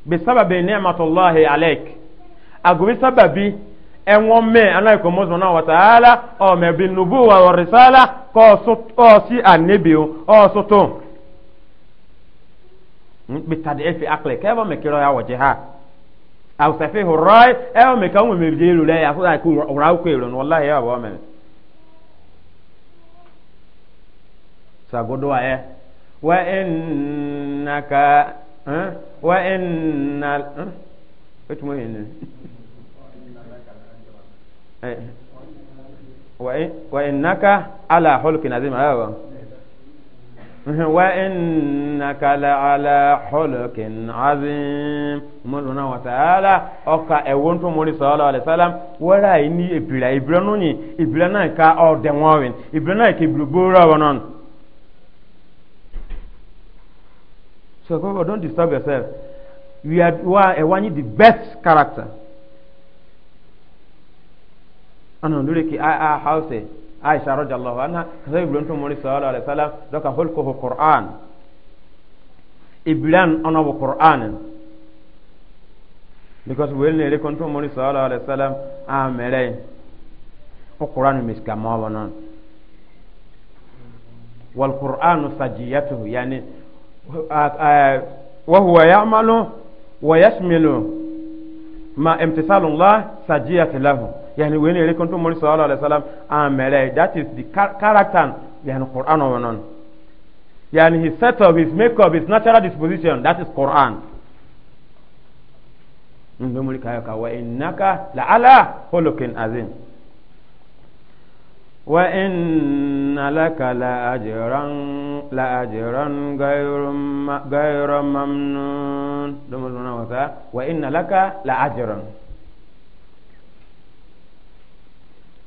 bisababi ni'matullahi alayk agobi sababi ẹwọn mẹ na mọsánná wàtàhálà ọmọ ẹbí nubu wà ka kọ ọ sí o ọ sọtọ bitadi efi akilẹ kẹfọ mẹkẹrọ ya wọjẹ ha awusafi hurọi ẹwọ mẹka wọn elu sagodo wa inna wetu wa innaka ala hulkin azim ayo wa innaka la ala hulkin azim muluna wa ta'ala oka sallallahu alaihi wasallam wara ini ibira ibira nuni ibira na ka o de won ibira na ke ibira So oh, don't disturb yourself. We are, we are ewanyi eh, the best character. Ana ndure ki a a hause Aisha radiyallahu anha sai ibn Tumuri sallallahu alaihi wasallam doka hulkuhu Qur'an. Iblan ana bu Qur'an. Because we ne rekon Tumuri sallallahu alaihi wasallam a ah, mere. O Qur'an miska mawanan. Wal Qur'anu sajiyatuhu yani وهو يعمل ويشمل ما امتثال الله سجية له يعني وين يريكم تمر صلى الله عليه وسلم عمل that is the character يعني القرآن ونون يعني his setup his makeup his natural disposition that is Quran ndomuri kayo ka wa innaka la ala hulukin azim وَإِنَّ لَكَ لأجرا لأجرا غير غير ممنون دم المنوثة وإن لك لأجرا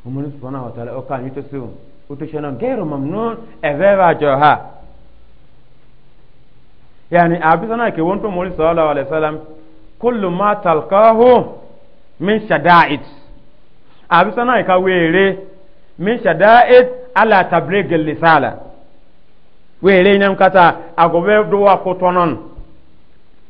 ومن سبحانه وتعالى أكان يتسو وتشنا غير ممنون أذيبا جوها يعني أبيسنا كي وانتم مولي صلى الله عليه وسلم كل ما تلقاه من شدائد أبيسنا كويري min shada'id ala tabligil lisala wele nyam kata agobe duwa ko tonon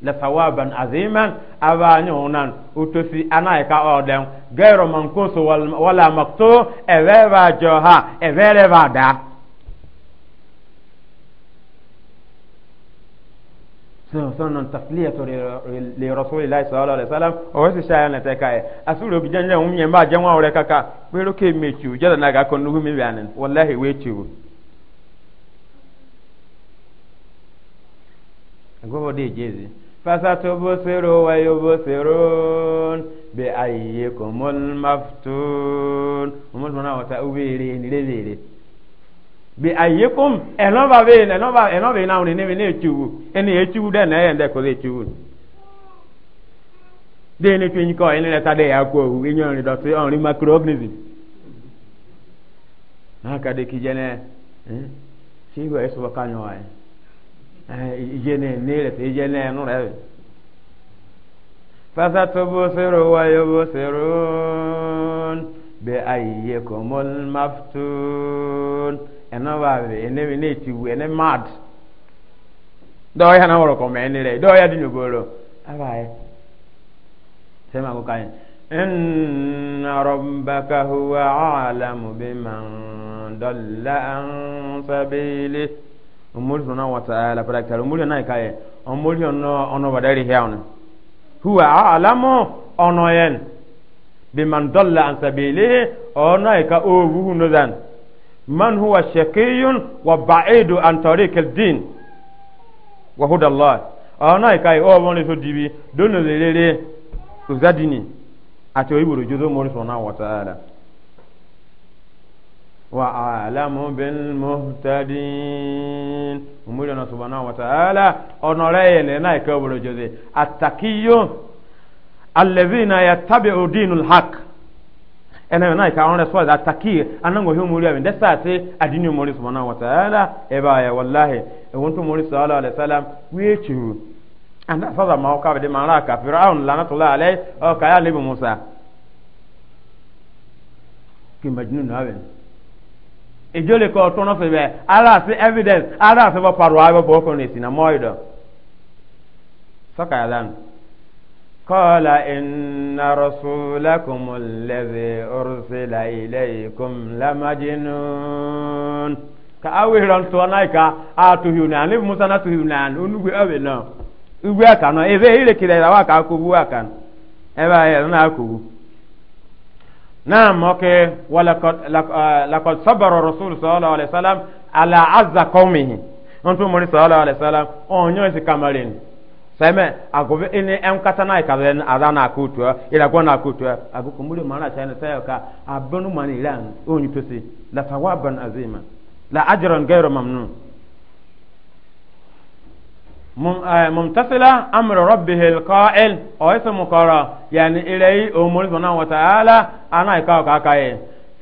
la sawaban aziman aba nyonan utusi anai ka odem gairo mankuso wala makto eweva joha evere vada sunan tasliyatu li rasulillahi sallallahu alaihi wasallam o wasi shaya na taka e asuro bi janja um nyemba janwa ore kaka pero ke mechu jada na ga konu mi banin wallahi we chu gobo de jezi fasatubsiru wa yubsirun bi ayyikumul maftun umul mana wata ubiri ni lele bi ayikum ɛnɔba e bɛ yen ɛnɔba ɛnɔba e yen n'anw ni ne bɛ ne ɛni dɛ ko den ne tun yi kɔ ɛni lɛta de y'a ko o ye ɲɔgɔn dɔ onri ɔn ni n'a ka di k'i eh? si ko e sɔrɔ ka ɲɔgɔn ye ɛɛ i jɛnɛ ne yɛrɛ tɛ i jɛnɛ n'o fasa tobo sero sero ayi ye ɛnɛ baabiri ene mi ne ene wu ɛnɛ mad dɔw yɛ na wɔrɔ kɔmɛ ɛni rɛ dɔw yɛ di nyogoro aba yɛ sɛma ko kan yi ɛnna rɔbaka huwa alamu bi man dɔla an sabili omoli sɔnna wata ala pɛrɛkitɛri omoli yɛ n'a yi ka yɛ omoli yɛ nɔ ɔnɔbadɛri hɛn na huwa alamu ɔnɔ yɛn bi man dɔla an sabili ɔnɔ man huwa shaqiyun wa ba'idu an tariq ad-din wa huda Allah ona kai o woni so dibi dono lelele uzadini ati o iburu juzo mo so na wa ta'ala wa a'lamu bil muhtadin umuri na subhanahu wa ta'ala onore na kai o iburu juzo at-taqiyyu alladhina yattabi'u ene na ka on reswa da taki anan go himu riya da sa se adini muri subhanahu wataala e ba ya wallahi e wonto muri sallallahu alaihi wasallam we chu anda fa ma ka be ma ra ka fir'aun lanatullah alaihi o ka ya libu musa ki majnun na ben e jole ko to no fe be ara se evidence ara se ba قال إن رسولكم الذي أرسل إليكم لمجنون كأوهران سوانايكا آتوهيونان لف موسى ناتوهيونان ونوغي أبنا ugbu aka nọ ebe ire kiri ịrawa ka akwụgbu aka ebe ahụ na akwụgbu na mọke wa lakọd sọbọrọ rasul sọlọ alayisalam ala azza kọmihi ntụ mọri sọlọ alayisalam onye isi kamarin sɛmɛ agobe ini ɛn kata na ika bɛ na ko tuwa ila gɔ na ko tuwa ago kumuli mana sɛ ne sɛ ka ma. mani ilan o ni pese la sawaban azima la ajran ghayra mamnun eh, mumtasila amru rabbihi alqa'il o isa mukara yani ilai umur subhanahu ana ka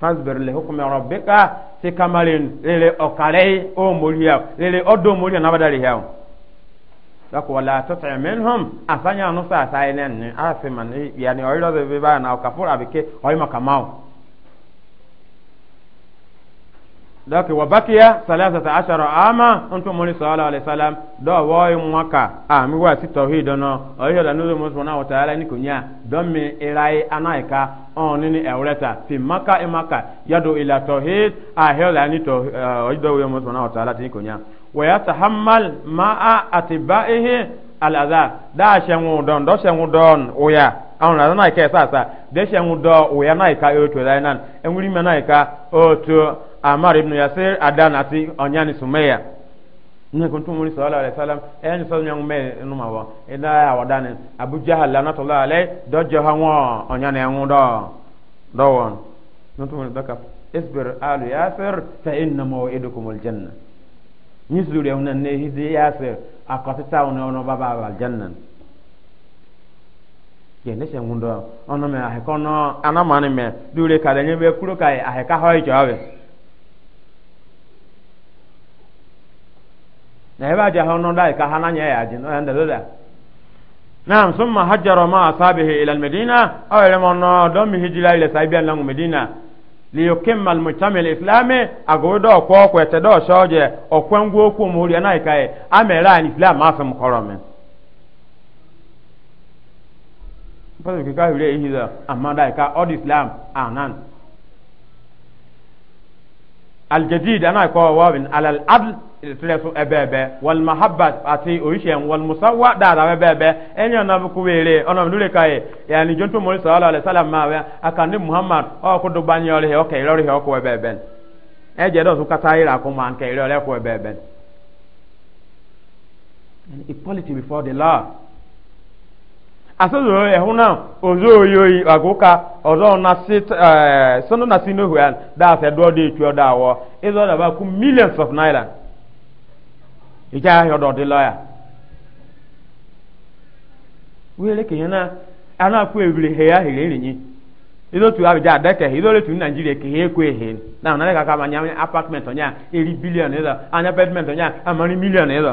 fasbir li hukmi rabbika si kamalin lele okale o moliya lele odo moliya na badari ya dako wala tuti minhum asanya no sa sa enen ni afi man yani oyro be ba na okafura bike oyma kamao dɔki wa bakiya salasata ashara ama n tun muni sɔɔla alayhi salam dɔw wɔɔyi ŋɔ ka a mi waa si tɔhi dɔnɔ o yɛlɛ n'olu mu sɔnna o taala ni ko nya dɔn mi irayi ana yi ka ɔn ni ni ɛwurɛ ta fi maka i maka yadu ila tɔhi a yɛlɛ ni tɔhi ɔ dɔw yɛ mu sɔnna o taala ti ni ko nya wa ya tahamal ma a ati ba ihe alaza daa sɛŋu dɔn dɔ sɛŋu dɔn o ya anw na n'a yi kɛ sa sa de sɛŋu dɔ o ya n'a yi ka o to la yi nan eŋuri amar ibn yasir adan ati onyani sumeya ne kuntu muri sallallahu alaihi wasallam en so nyangu me numa wa ina ya wadane abuja jahal lanatullah alai do jaha wo onyani en do do won nuntu muri daka isbir alu yasir fa inna maw'idukum aljanna nisuri yawna ne hizi yasir akati tawna ono baba aljanna yene se ngundo ono me ahekono anamani me dure kala nyebe kuro kai aheka hoy jawe na ebe aja ji dai ka hana nya ya jin oyan dalula nam summa hajjara ma asabihi ila almadina aw ila man medina li yukimma almujtama alislami agodo ko ko te do shoje okwangu okwu muri na ikai amera an islam asam korome pasi kika hire ka islam aljadid ana ko wawin alal adl tilesu ebebe wal mahabbat ati oishen wal musawwa da da bebe enyo na bu kuwere ona ndure kai yani jonto mo sallallahu alaihi wasallam ma wa akande muhammad o ko do banyo ole he o kai lori he o ko ebebe e je equality before the law asọzọ ehu na oyi oyi, agụka ọzọ na si ee sono na si n'ohu ya da ase dụọ dị etu ọ da awọ ịzọ daba ku millions of naira ike ahịa ọdọ ọdị lọya were ihe na anụ akwụ ebiri he ya hiri erinyi izotu abịja adeke ndị naijiria keghe ekwe ehe na anara ka aka ma nya apartment onye a eri bilion ịzọ anya pedment onye a amari milion ịzọ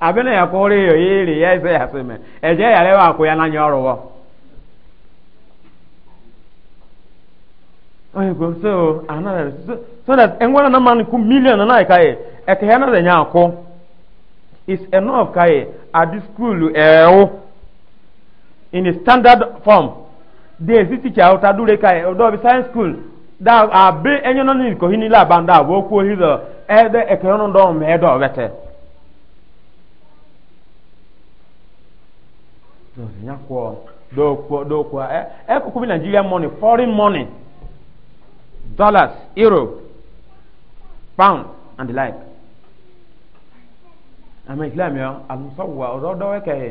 abena ya kɔɔre yɛ ya yɛ ya yɛ asɛmɛ ɛgye yɛrɛ wa akɔ ya na nyɛ ɔrɔwɔ oye ko so ana yɛrɛ so so that ɛŋwɛrɛ e na ma ne ko million na na yɛ e, e ka yɛ ɛkɛ yɛ na is enough ka yɛ adi school ɛɛwo in a standard form de esi teacher awo ta dure ka yɛ bi science school da abe ɛnyɛ na ne kɔhi ni lab and da abo ko hi dɔ ɛdɛ ɛkɛ yɛ no dɔn nyakɔ dɔwɔkɔ dɔwɔkɔ ɛ e, ɛ e kuku bi nigeria money foreign money dollars euro pound and the like àmì islam yẹn àlùsọ̀wọ̀ ọ̀rọ̀ dọ́wọ́ kẹ̀yẹ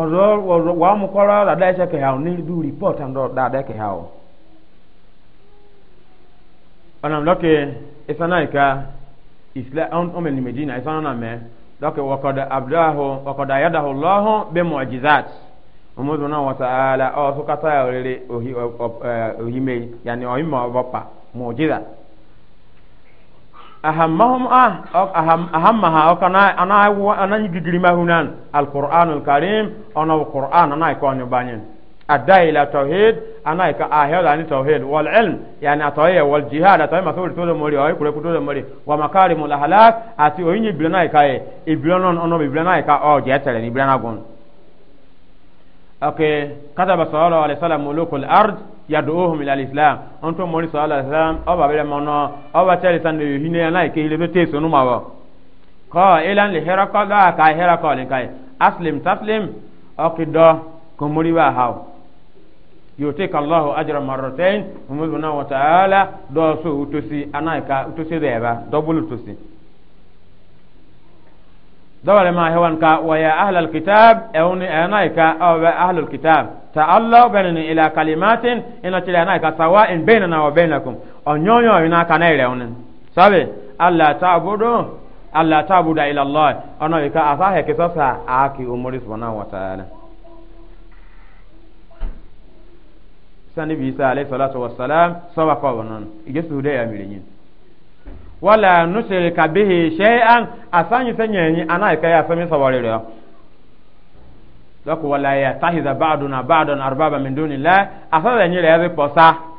ọ̀rọ̀ ọ̀rọ̀ wàá mú kọ́ra dàda ẹ̀ṣẹ̀ kẹ̀yà ọ̀ ní du report àndọ̀ dàda kẹ̀yà ọ̀ ọ̀nà lọ́kẹ́ ìsanáyìíká islam ọ̀mẹ̀lì medina ìsanáyìí náà mẹ́ẹ́ dɔke wakɔda abdahu wakɔda yadahu lɔhu bɛ mu'jizat umudu na wata ala ɔ so kata ya oriri ohi ohi mei yani ohi ma ɔbɔ pa mu'jiza ahammahum ah aham ahammaha ɔkana ana ana nyididiri mahunan alqur'anul karim ɔnɔ qur'an ana ikɔ nyobanyin الداعي الى توحيد انا كا اهل عن توحيد والعلم يعني اتوي والجهاد اتوي مسؤول تولو موري او كره كتولو موري ومكارم الاخلاق اتي اوين يبلنا كاي يبلنا انو يبلنا كا او جيتل يبلنا غون اوكي كتب صلى الله عليه وسلم ملوك الارض يدعوهم الى الاسلام انتم مولى صلى الله عليه وسلم او بابل منو او باتل سن يهنا نا كي لبتي سنو ما قائلا لهرقل كاي هرقل كاي اسلم تسلم اوكي دو كمري با هاو yutika allahu ajra marratain umu subhanahu wa do so utosi anaika utosi deba double utosi dawale ma hewan ka waya ya ahlal kitab awni anaika aw ba ahlul kitab ta'allu bainana ila kalimatin ina tila anaika sawa'in bainana wa bainakum onyonyo ina kana ile onin Sabi Allah ta'budu Allah ta'budu ila allah ona ka asahe kisasa aki umuri subhanahu wa sani bi isa alayhi salatu wa salam sawa ko wonon ije su de ya mirenyi wala nushrika bihi shay'an asanyi sanyenyi ana ka ya sami sawari ro dok wala ya tahiza ba'duna ba'dan arbaba min dunillah afa wenyi re ya posa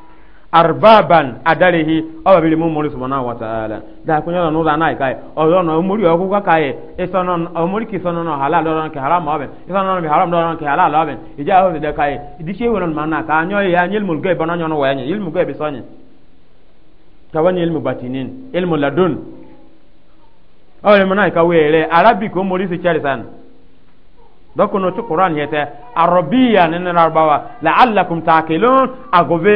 arbaban adarihi ọba bili mu mori subana wa taala daa kun yọrọ n'ụlọ anaghị kaị ọyọ nọ omori ọkụ ka kaị ịsọ nọ omori ka ịsọ nọ nọ halal dọrọ nke haram ọbịa ịsọ nọ nke haram dọrọ nke halal ọbịa ije ahụ dị kaị dịchi ewu nọ na ka anyọ ya e nye ilmu gebe n'ọnyọ n'ụwa ya nye ilmu gebe sọnyị kawa nye ilmu batinin ilmu ladun ọbịa ilmu naghị ka were arabik omori si cherisan dọkụ n'otu kuran hete arabiya nínú arabawa la'allakum taakilun agobe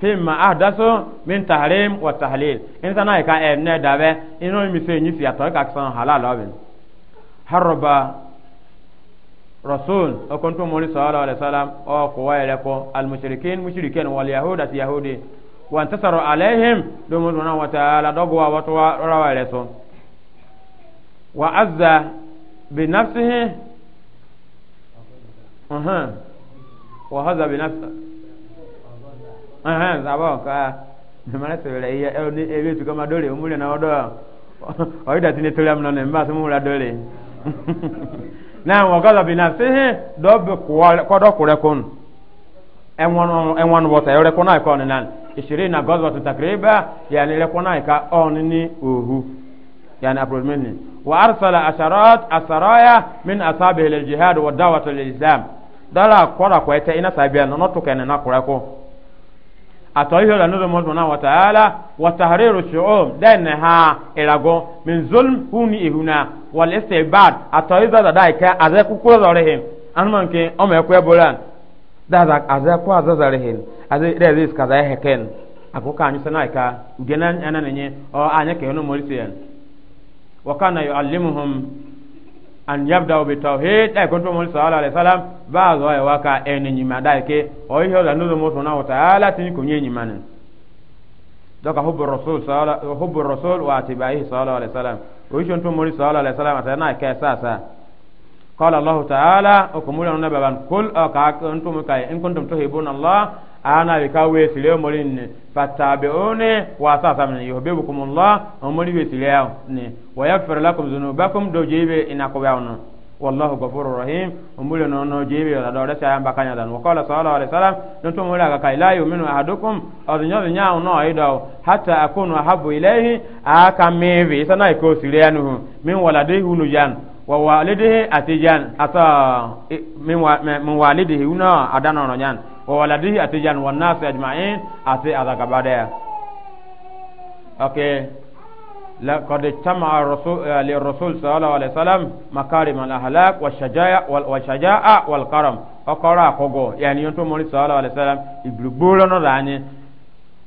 fimma ahdasu min tahrim wa tahlil insana ka enne eh, dabe ino mi se nyisi ato ka san halal obin harba rasul okonto moni sallallahu alaihi wasallam o oh, ko wayre ko al mushrikin mushrikin wal yahuda ti yahudi wa antasaru alaihim dumun wa ta'ala dogo wa wato rawale so wa azza bi nafsihi aha wa hadha bi nafsihi aha zabo ka mara tole ya ebe e, tu kama dole umule na odo oida tine tole amna ne mba sumu la dole na wakala binafsihi dobe kwa do kure kun enwan enwan wota yore e kona e ko ne nan ishirini na gozwa takriba yani le kona ka on ni ohu yani approximately wa arsala asharat asaraya min asabihi liljihad wa da'wati lilislam dala kwara kwa ita ina sabia no to kene na kure ko atoyho la nudo mo na wataala wa tahriru shu'ub den ha irago min zulm huni ihuna wal istibad atoyza da dai ka azai kukuro da rehin an man ke o me kwe bolan da da azai ko azai da rehin azai da zai ska ako ka anyu sana ka ugenan anan ne o anya ke no morisiyan wa kana yuallimuhum an yabda bi tawhid ay kuntu mu sallallahu alaihi wasallam ba zo ya waka en nyima dai ke o yi hola nuzo mu sona wa ta'ala tin ko nyi mani daga hubbu rasul sallallahu hubbu rasul wa atibai sallallahu alaihi wasallam o yi kuntu mu sallallahu alaihi wasallam atana ka sasa qala allah ta'ala o kumulana nababan kul aka kuntum kai in kuntum tuhibuna allah ana bi ka we sile morin ne fatabi'uni wa sasam ne yuhibbukum Allah amuri bi sile ne wa yaghfir lakum dhunubakum do jibe ina ko yawno wallahu ghafurur rahim amuri no no jibe la do resa yamba kanya dan wa qala sallallahu alaihi wasallam don to mura ga kai la yu'minu ahadukum adunyo nya no aido hatta akunu habu ilayhi aka mevi. sana ko sile anu min waladihi nu jan wa walidihi atijan ata min walidihi una adana no nyan wa waladihi atijan wan ajma'in ati adaka badaya لقد اجتمع الرسول للرسول صلى الله عليه وسلم مكارم الاخلاق والشجاعة والكرم فقرا كوغو يعني ينتو مولى صلى الله عليه وسلم يبلغ بولنا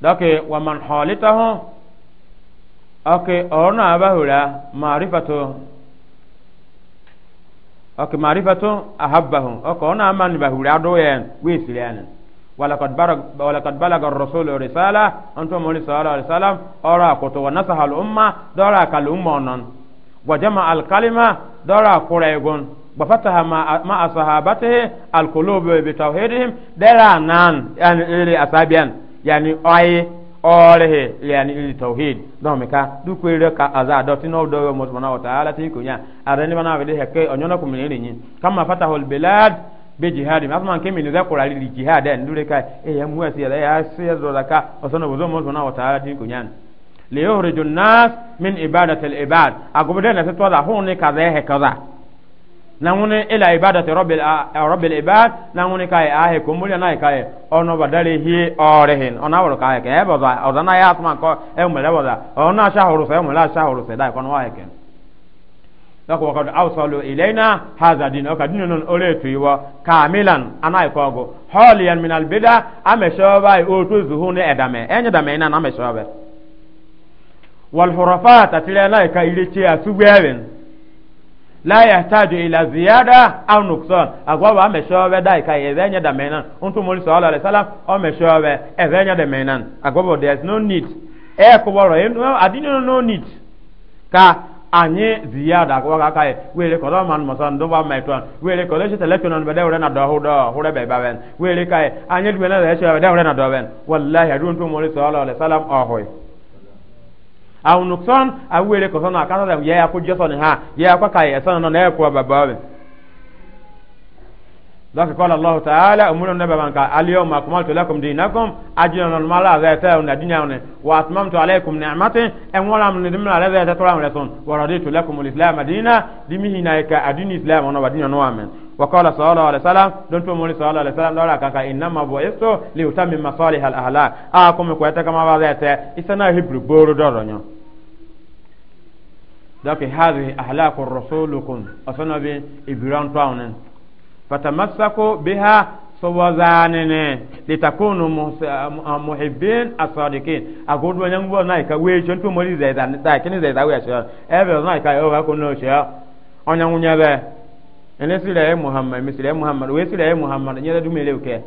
dake waman halitahu ake orna abahura marifatu ake marifatu ahabbahu ake orna man bahura doyen wesilen walakad barag walakad balaga ar-rasul risala antum muli sallallahu alaihi wasallam ora koto wanasaha al-umma dora kal umma non wa jamaa al-kalima dora kuraygon wa ma ma sahabatihi bi tawhidihim dara nan yani ili asabiyan yani oyi olehe yani ili tauhid don mi ka du kwere ka aza do tino do yo mo subhanahu wa ta'ala ti kunya ara ni bana wele heke onyona ku mi ni kama fatahu al bilad be jihad ma man kemi ni zakura li jihad en dure ka e ya muwa si ya si ya do ka osono bozo mo subhanahu wa ta'ala ti kunya li yuhriju nas min ibadati al ibad agobe na se to da hon ni ka ze he kaza na nangune ila ibadati rabbil rabbil ibad nangune kai ahe kumuli nai kai ono badale hi orehin ona wor kai ke e boza ona ya atma ko e mele boza ona shahuru e mele dai lako wakad awsalu hadha din o kadin non kamilan anai ko go holiyan min al bida o edame e dame na ameshoba wal hurafat atile kai ile la yahtaju ila ziyada aw nuksan agwaba ameshowe dai ka evenye da menan untu muri sallallahu alaihi wasallam o meshowe evenye da menan agwaba there is no need e ko woro enu adinu no need ka anye ziyada agwaba ka e wele ko man masan do ba maiton wele ko leshi telephone on bede na do hudo hure be bawen wele ka anye dwena leshi bede na do ben wallahi aduntu muri ahoy aw nukson a wele ko sona kana da ya ko joso ni ha ya ko ka ya sona na ko baba be ذاك قال الله تعالى أمور النبي بانك اليوم أكملت لكم دينكم أجل المال هذا تاون الدنيا وأتممت عليكم نعمتي أن ولا من دم على ذا تطلع ورضيت لكم الإسلام دينا دمه نايك أدين الإسلام ونبدين نوامن وقال صلى الله عليه وسلم دون تومولي صلى الله عليه وسلم لولا كاكا انما بوئستو ليتمم مصالح الاهلاك اه كومي كويتا كما بازيتا اسنا هبرو بورو دورونيو دوك هذه اهلاك الرسولكم اصنا بي ابران تاونن فتمسكوا بها sowazanene litakunu muhibbin asadikin agudu nyangu na ka we chontu moli zaidan da kini zaidawe sha ebe na ka o ka kuno sha onyangu nyabe ene sila ye muhammad mi sila ye muhammad we sila ye muhammad nyɛ du mele kɛ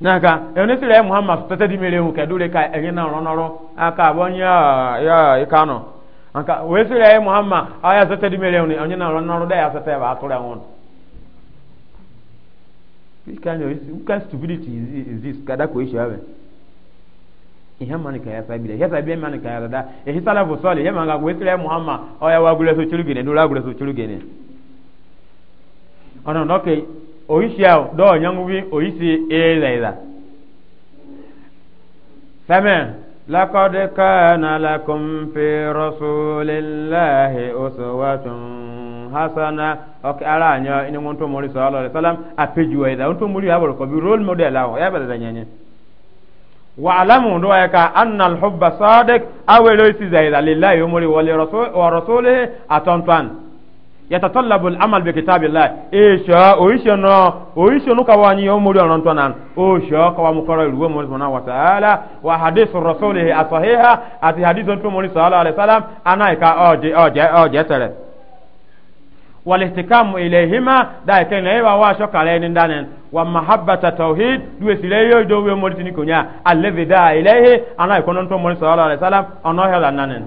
naka ene sila ye muhammad tete di mele kɛ ka enye na rɔn aka bɔ nya ya ikanɔ nka we sila ye muhammad aya tete di mele ni na rɔn da ya tete ba atura wɔn which kind of which kind stupidity is, this kada ko ishi abe ihe mani ka ya sabile ya sabile mani ka ya da ehi salafu sali ya manga we sila ye muhammad aya wa gure so chulugene du gure so chulugene ọ̀nà lọ́kẹ̀ oríṣi ẹ̀ do yangu bí oríṣi ẹ̀ẹ́dẹ̀ ìdá. sẹ́mẹ̀ lakọ́dé kánà lakum fi rasulillahi oṣuwàtún hasana ọkẹ ara àyàn ẹni wọn tó mọrí sọlọ rẹ sálám àpèjù ẹ̀dá wọn tó mọrí àbọ̀rọ̀ kọ́ role model àwọn ẹ̀ bẹ̀rẹ̀ dẹ̀yẹ̀nyẹ̀. واعلموا دوايك أن الحب صادق أو ليس زي ذا لله wa ولرسوله أتنطن yatatallabu al-amal bi kitabillah isha oishono oishono kawani omuri orontonan osho kawamu koro iruwe mo subhanahu wa ta'ala wa hadithu rasulih asahiha ati hadithu tu muri sallallahu alaihi wasallam anaika oje oje oje tere walihtikamu ilayhima da kene ewa wa shokale ni ndanen wa mahabbata tauhid duwe sile yo do we mo tini kunya allazi da ilayhi anaika non to muri sallallahu alaihi wasallam ono hela nanen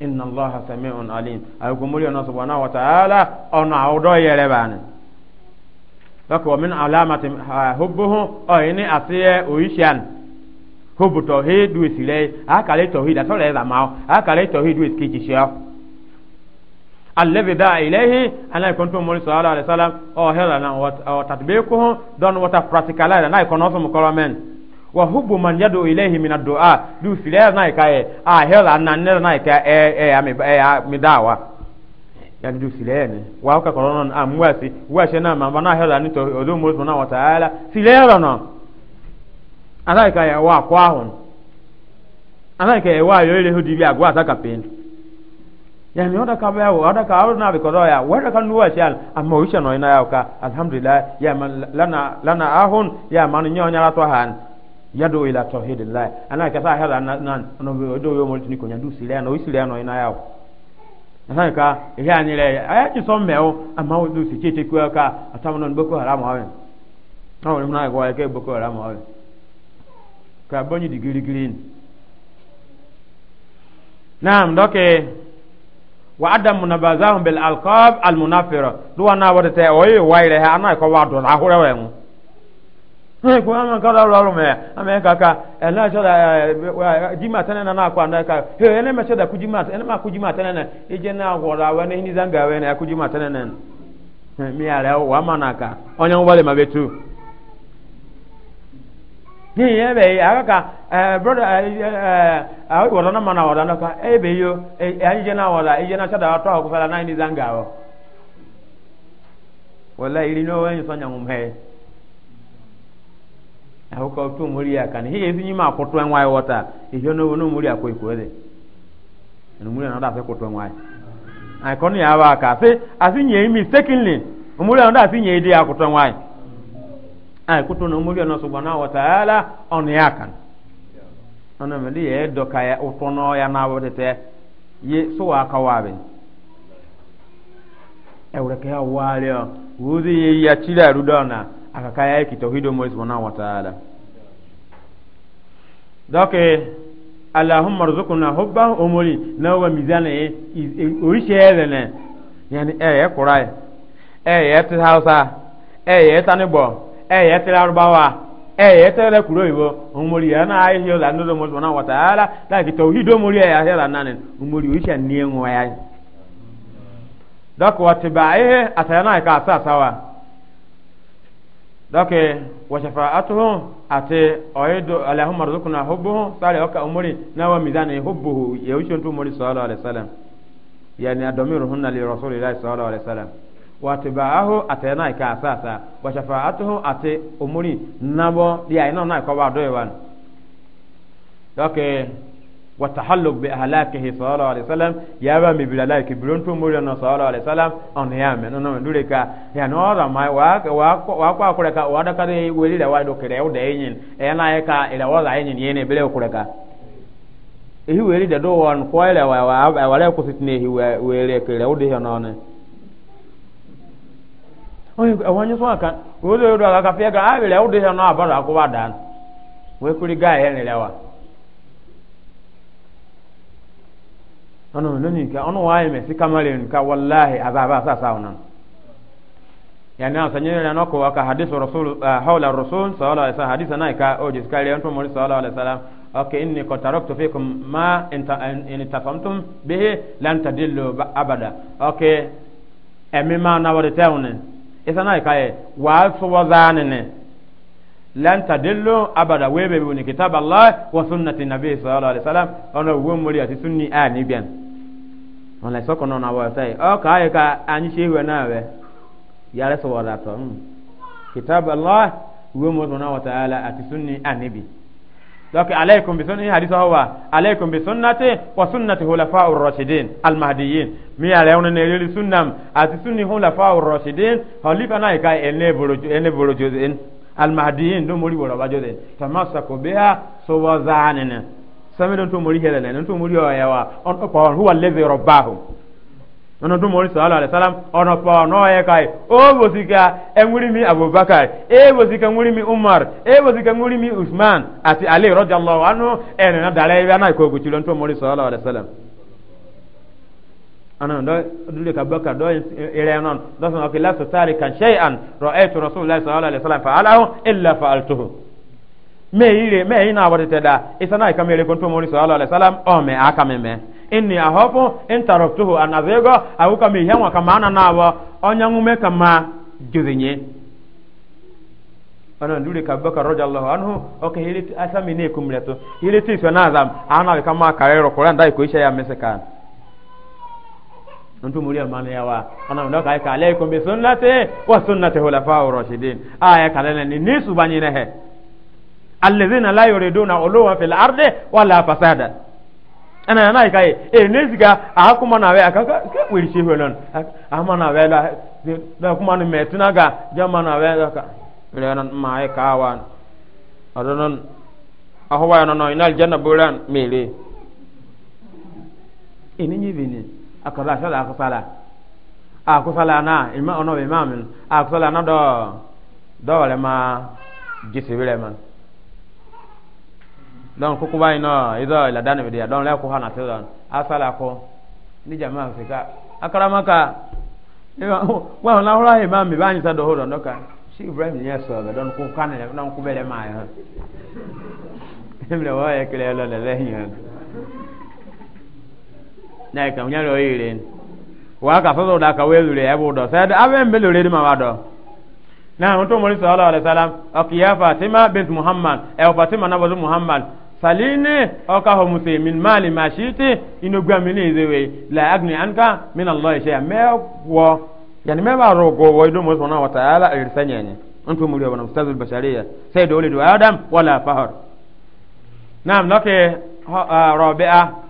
inna allah sami'un alim ay ko muri ona subhanahu wa ta'ala ona awdo yere bani bako min alamati hubbuhu o ini asiye uishan hubbu tauhid wisile akale tauhid atole za mao akale tauhid wiskijisha alladhi da'a ilayhi ana kuntum muri sallallahu alaihi wasallam o hela na wa tatbiquhu don wata practicalize na ikonofu mukoromen wa hubu man yadu ilayhi min ad-du'a du sile na ka e a hela na ne na ka e e ami e mi dawa ya du sile ne wa ka ko non wa she na ma na hela ni to odo mo na wa taala sile ra no ana ka e, wa kwa hon ana ka e, wa yo ile hudi bi agwa ta ka pin ya ni oda ka ba wa oda ka na bi ko ya wa da kan nuwa shal amma wisha no ina ya ka alhamdulillah ya man lana lana ahun ya man nyonya ra yado ila tawhid allah ana ka sa hada nan no do yo mo ni ko nyandu sile ana o sile ana ina yawo ana ka ya ni le aya ti so me o ama o do si chete ko ka atamu non boko haram hawe na o na ko ke boko haram hawe ka bonyi di giri giri nam doke wa adam munabazahum bil alqab al munafira do wana wadate o yi waire ha ana ko wa do na hurewe mu ne ko ama ka da lɔri mɛ ama ka ka na sɔ da eh, eh, eh, jima tɛnɛ na n'a kɔ an da ka he ɛna mɛ sɔ da kujima ɛna ma kujima tɛnɛ na i jɛ n'a wɔrɔ awɛ ne hinɛ zan gawɛ na kujima tɛnɛ na mi yɛrɛ wa ma na ka ɔnyɛ wale ma bɛ tu ni yɛ bɛ ye a ka ɛɛ broda ɛɛ ɛɛ wɔrɔ na ma na wɔrɔ na ka e bɛ yo ɛ i jɛ n'a wɔrɔ i jɛ n'a sɔ da tɔ a kɔfɛ n'a hinɛ zan gawɛ wala yiri n'o ye sɔn ɲangu mɛ ye. ahoka otu omori aka na ihe ezi nyime akwụtụ enwa ya wọta ihe n'owo n'omori akwa ekwere omori anọdụ asị kwụtụ enwa ya akọnụ ya aba aka asị asị nye imi sekinli omori anọdụ asị nye ịdị ya akwụtụ enwa ya anyị kwụtụ na omori anọ sọgbọ na wọta ala ọnụ ya aka ọnụ mmiri ya edoka ya ụtọ n'ọya na awọtete ye sụwa aka wabi ewere ka ya wụgharịa wụzi ya ya chiri arụdọ na akakaya kitauhido mwezi subhanahu wa ta'ala doke allahumma rzuqna hubba umuri na wa mizana e orishe elene yani e ye kurai e ye ti hausa e ye tanibo e ye ti larubawa e ye ti le kuro ibo umuri yana ayi yo la nudo mwezi subhanahu wa ta'ala la kitauhido umuri ya hela nane umuri orishe nienwa ya doke watibae atayana ka sasawa dɔke washafaatuhu ati oyedo alahuma rzukna hubbuhu sare oka umuri nawa mizani hubbuhu yewishontu umuri sallallahu alaihi wasallam yani adamiruhunna li rasulillahi sallallahu alaihi wasallam watibaahu ate nai ka asasa washafaatuhu ati umuri na diaino nai kowa doyewan dɔke وتحلق بأهلاكه صلى الله عليه وسلم يا بامي بلا لايك بلون تو مولنا صلى الله عليه وسلم أن يامن أنا من دولك يا نورا ما واك واك واك واك لك وادا كذا ويلي لا وادو كده يودا ينين يكا إلى وادا ينين يني بلا وكلك إيه ويلي ده دو وان كويلا وا وا ولا كوسيتني هي ويلي كده يودا ينون oye awon yesu aka wo do do aka fi a bele o de abara ko dan we kuri ga he ni lewa ono noni ka ono waye me si kamare ka wallahi ababa sasa onan yani asanyere na noko waka hadithu rasul ah, hawla rasul sallallahu alaihi wasallam haditha na ka o jiskari antu muri sallallahu alaihi wasallam okay inni qad fikum ma in tafamtum bihi lan tadillu abada okay emi ma na wadi tawne isa na ka e wa so wazanene lan tadillu abada webe bi ni kitab allah wa sunnati nabi sallallahu alaihi wasallam ono wo muri ati sunni a ni bian on la sokono na wa sai o ka ay ka anyi shehu na we ya re so wala to hmm. kitab allah wo mo na wa taala ati sunni a ni bi donc alaykum bi sunni hadith huwa alaykum bi sunnati wa sunnati hulafa'ur rashidin al mahdiyyin mi ya lewna ne yeli sunnam ati sunni hulafa'ur rashidin halifa na almahdiyin do mori wora bajo de tamassako biha suwazanina sami don to mori helele non to mori o yawa on to pa huwa allazi rabbahu non to mori sallallahu alaihi wasallam on pa no ye kai o bosika e nguri mi abubakar e bosika nguri mi umar e bosika nguri mi usman ati ali radiyallahu anhu e na dare ya na ko gutu don to mori sallallahu alaihi wasallam ana do dule ka bakar do ire non do so ke la so tari kan shay'an ra'aytu rasulullahi sallallahu alaihi wasallam fa'alahu illa fa'altuhu me ire me ina wadete da isana ka mere kon to mori sallallahu alaihi wasallam o me aka me me inni ahofu intaraftuhu an azego au ka me yanwa ka mana nawo onya ngume ka ma ana dule ka bakar radiyallahu anhu o ke hili asami ne kumleto hili tiswa nazam ana ka ma ka ero ko ko isha ya mesekan ntu muri amana yawa ana ndo kai ka alaikum bi sunnati wa sunnati khulafa'ur rashidin aya kalana ni nisu banyine he allazina la yuriduna uluwa fil ardi wala fasada ana na kai e nesiga akuma na we akaka ke wiri shi a ama na we la da kuma ni metina ga jama na we ka lenan mai kawan adonon ahwa no no inal janna buran mele ini nyibini akaza shala akusala akusala na ima ono be mamin akusala na do do wale ma jisi wile man don kukuba ino izo ila dani bidia don le kuhana tizon asala ko ni jamaa fika akaramaka wa na hura imam mi bani sa do horo ndoka shi ibrahim ni yeso ga don ku kana le don ku bele ma ya hemle wa ya kile lo le le hin na ka nya lo yire wa ka so da ka we lure e bu do se da awe mbe lure di ma wa na on to mo sallallahu alaihi wasallam o ki fatima bint muhammad e o fatima na wazu muhammad saline o ka ho muse min mali ma ino gba mi ni zewe la agni anka min allah shay me wo yani me ba ro go wo do mo sona wa taala irsanya ni on to mo ri wa ustazul bashariya sai dole do adam wala fahar na'am nake uh, rabi'a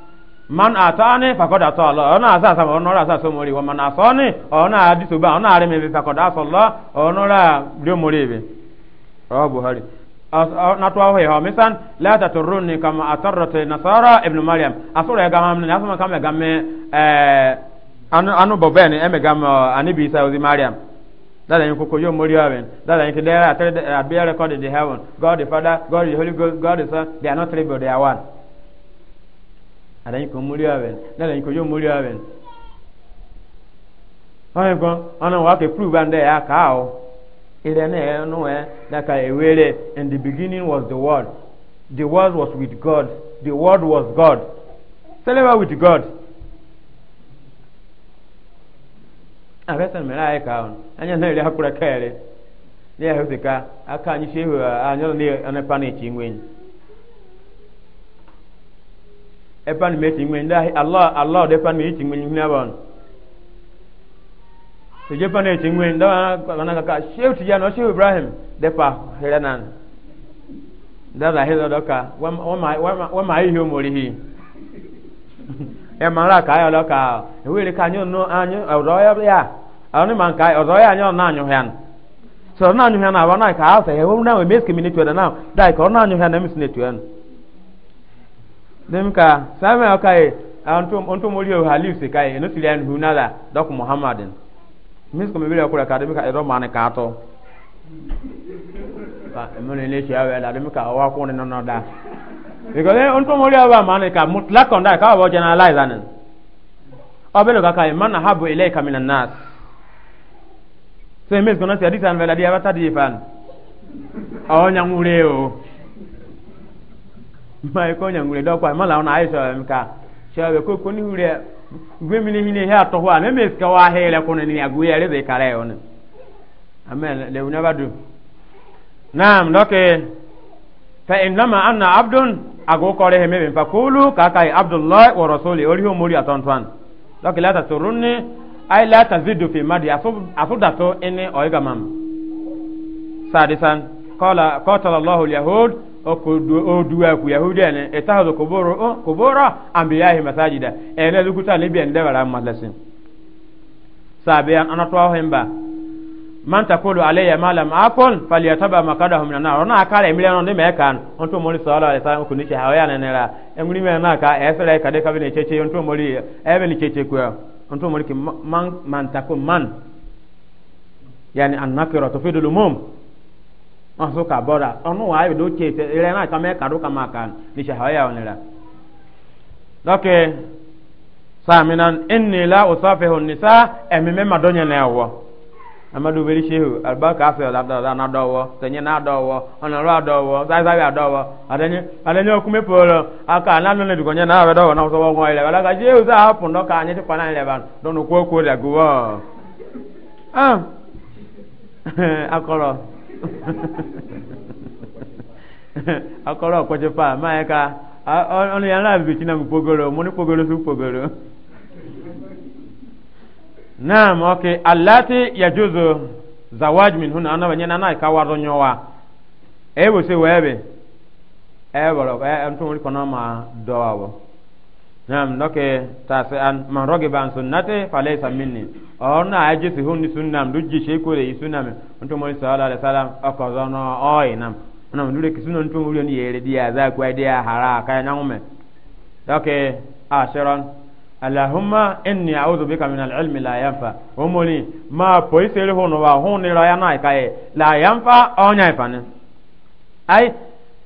man atani fakod ata Allah ona asa sama ona asa so mori wa man asani ona adi suba ona ari mebe fakod asa Allah ona dio mori be rawa buhari na hoye hawa misan la taturruni kama atarrat nasara ibn maryam asura ya gamamni na asuma eh anu bobeni eme isa ozi maryam Mori recorded the heaven. God the Father, God the Holy Ghost, God the Son, they are not three, but they are one. adayin ko muri awen dalayin ko yo muri awen ọyìn kan ọ̀nà wà kẹ́ prove and There, ká o ilẹ̀ náà ẹ̀ nù ẹ̀ dàkà ìwéèrè in the beginning was the word the word was with God the word was God celebrate with God. abẹ́sẹ̀ mẹ́rin ayé ká o ẹ̀yẹ náà rí akúrẹ́ kẹ́ẹ̀rẹ́ ní ẹ̀hẹ́sì ká aká anyi ṣe é hùwà anyọ́nà ní ọ̀nà pa náà ètí ń wẹ̀yìn. epan me ti ngwen dai allah allah de pan me ti ngwen ngina ban to je pan ti ngwen da kana ka shew ya ibrahim depa pa na da da hela ma wa ma hi mori e ka ya loka ka e nyu no anyu ro ya ya ani ya na anyu han na anyu han ka asa he e wo na we meski minitu da na dai ka na anyu han na misnetu dem ka sami akaye ah, onto mori o halif se kaye eno sili an hunala dok muhammadin mis ko me akura ka dem ka edo mane ka to ba mun ele shi awe la dem ka wa ko ne no da because onto mori o ba mane ka mutlak on da ka wa generalize anen obelo ka kaye man habu ilayka minan nas se mes ko no se adisan vela di abata di fan o nyangure o ma e ko nyangule do kwa mala ona aisha mka shawe ko ko ni hure gwemini hine ha a wa me meska wa hele ko ni aguye re be kare on amen le una badu nam doke fa innama anna abdun ago kore he me fa kulu ka kai abdullah wa rasuli ori ho muri aton twan doke la ta turunni ay la tazidu fi madi afudato ene oiga mam sadisan qala qatala allah al yahud oduwa ku yahudiya ne itahazu oh, kubura anbiyahi masajida ene lukuta libya ne dawara madrasin sabiyan ana tuwa himba man takulu alayya ma lam akul falyataba makadahu min nar ona akara emile no ndime kan onto mori sala ala sa kunu ke hawaya ne nera emri me na ka esere ka de ka bi cheche onto mori ebe ni cheche kwa onto mori ki man man takun man yani an nakira tufidu umum ɔnso ka bɔra ɔno wa ayi do tse tɛ ɛrɛ na kama ɛka do kama ka ni sɛ hɔya wɔn nira dɔkɛ saamina ɛnni la o sanfɛ o nisa ɛmi mɛ ma dɔ nyɛ nɛ wɔ amadu beri sehu aliba kafe ɔdadada na dɔ wɔ sɛnyɛ na dɔ wɔ ɔnɔlɔ dɔ wɔ sayisayi a dɔ wɔ adanyɛ adanyɛ okume polo aka ananu ne dugɔnyɛ na awɛ dɔwɔ n'awo sɔgbɔ ŋɔyi lɛ wala ka sehu sa apun dɔ ka anyi ti kpana lɛ ba dɔnku koko lɛ guwɔ akɔlɔ. akọrọ paa ma ka ọnụ ya na abibi chinam mụ na pogoro su pogoro naam ok alati yajuzu zawaj min huna anaba nyana na ka waro nyowa ebo se webe e boro e, e ntun ri kono ma do awo nam noke tase an man roge ban sunnate falaysa minni orna aje si honni sunnam dujji shekore yi sunnam onto mo sallallahu alaihi wasallam akozono oy nam nam dure ki sunnon to muri ni yere dia za ku dia hara ka nyangume doke asharon allahumma inni a'udhu bika min al-ilmi la yanfa umuli ma poisere hono wa honni ra yana kai la yanfa onya ifane ai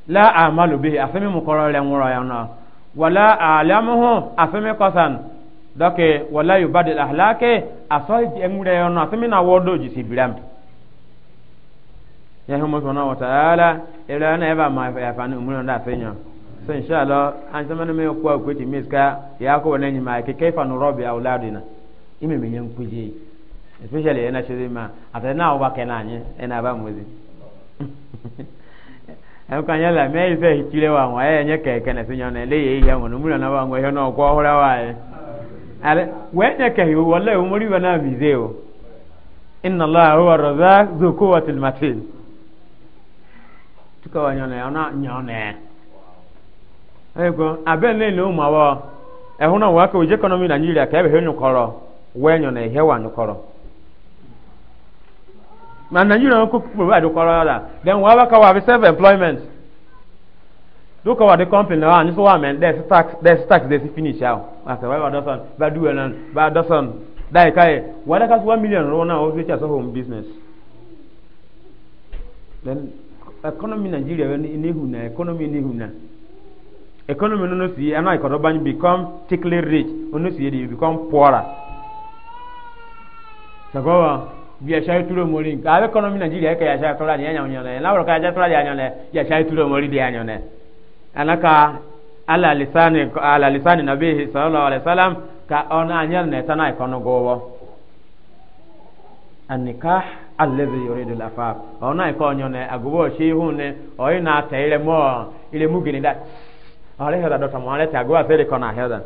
la amalu bihi afemi mukoro le ngoro yana wala alamuhu afemi kosan doke wala yubadil ahlake asoy engure yono afemi na wodo jisi biram ya humo subhanahu wa ta'ala ila na eba ma ya fani umuno da fenyo so inshallah an sama ne me kwa kweti miska ya ko wona nyima ke kaifa nurabi auladina ime menye nkuje especially ena chizima atana obake nanye ena ba mwezi ekanya la me ife ichile wa nwa ya nye keke na sinya na le ya ngono mura na wa nwa ihe no kwa hora wa ale we nye ke hi wala umuri wa na bizeo inna allah huwa razzaq zu quwwatil matin tukawa nyona ona nyona ego abe ne le umawo ehuna wa ka oje economy na nigeria ka ebe he nyukoro wa nyukoro na nigeria ko provide kɔrɔ la then wa bɛ ka wa self employment do ka wa de company na wa ni so wa mɛ dɛ tax dɛ tax dɛ finish aw a sɛ wa wa dɔsɔn ba du wɛlɛn ba dɔsɔn da yi ka ye wa de ka one million rɔ na o fi ca so home business then economy nigeria bɛ ni hu economy ni hu na economy no no si ye ɛna ikɔdɔ ban become tickly rich o no si ye you become poorer sago wa biashara tulo mori ka abe kono mi nigeria ka ya shara tola nyanya nyone na wor ka ya tola ya nyone ya tulo mori dia nyone anaka ala lisani ala lisani nabihi sallallahu alaihi wasallam ka ona anyal ne tana kono gowo annikah alladhi yuridu al-afaf ona ko nyone agubo shihune oina ta ile mo ile mugini da ale hada dota mo ale ta go kona hada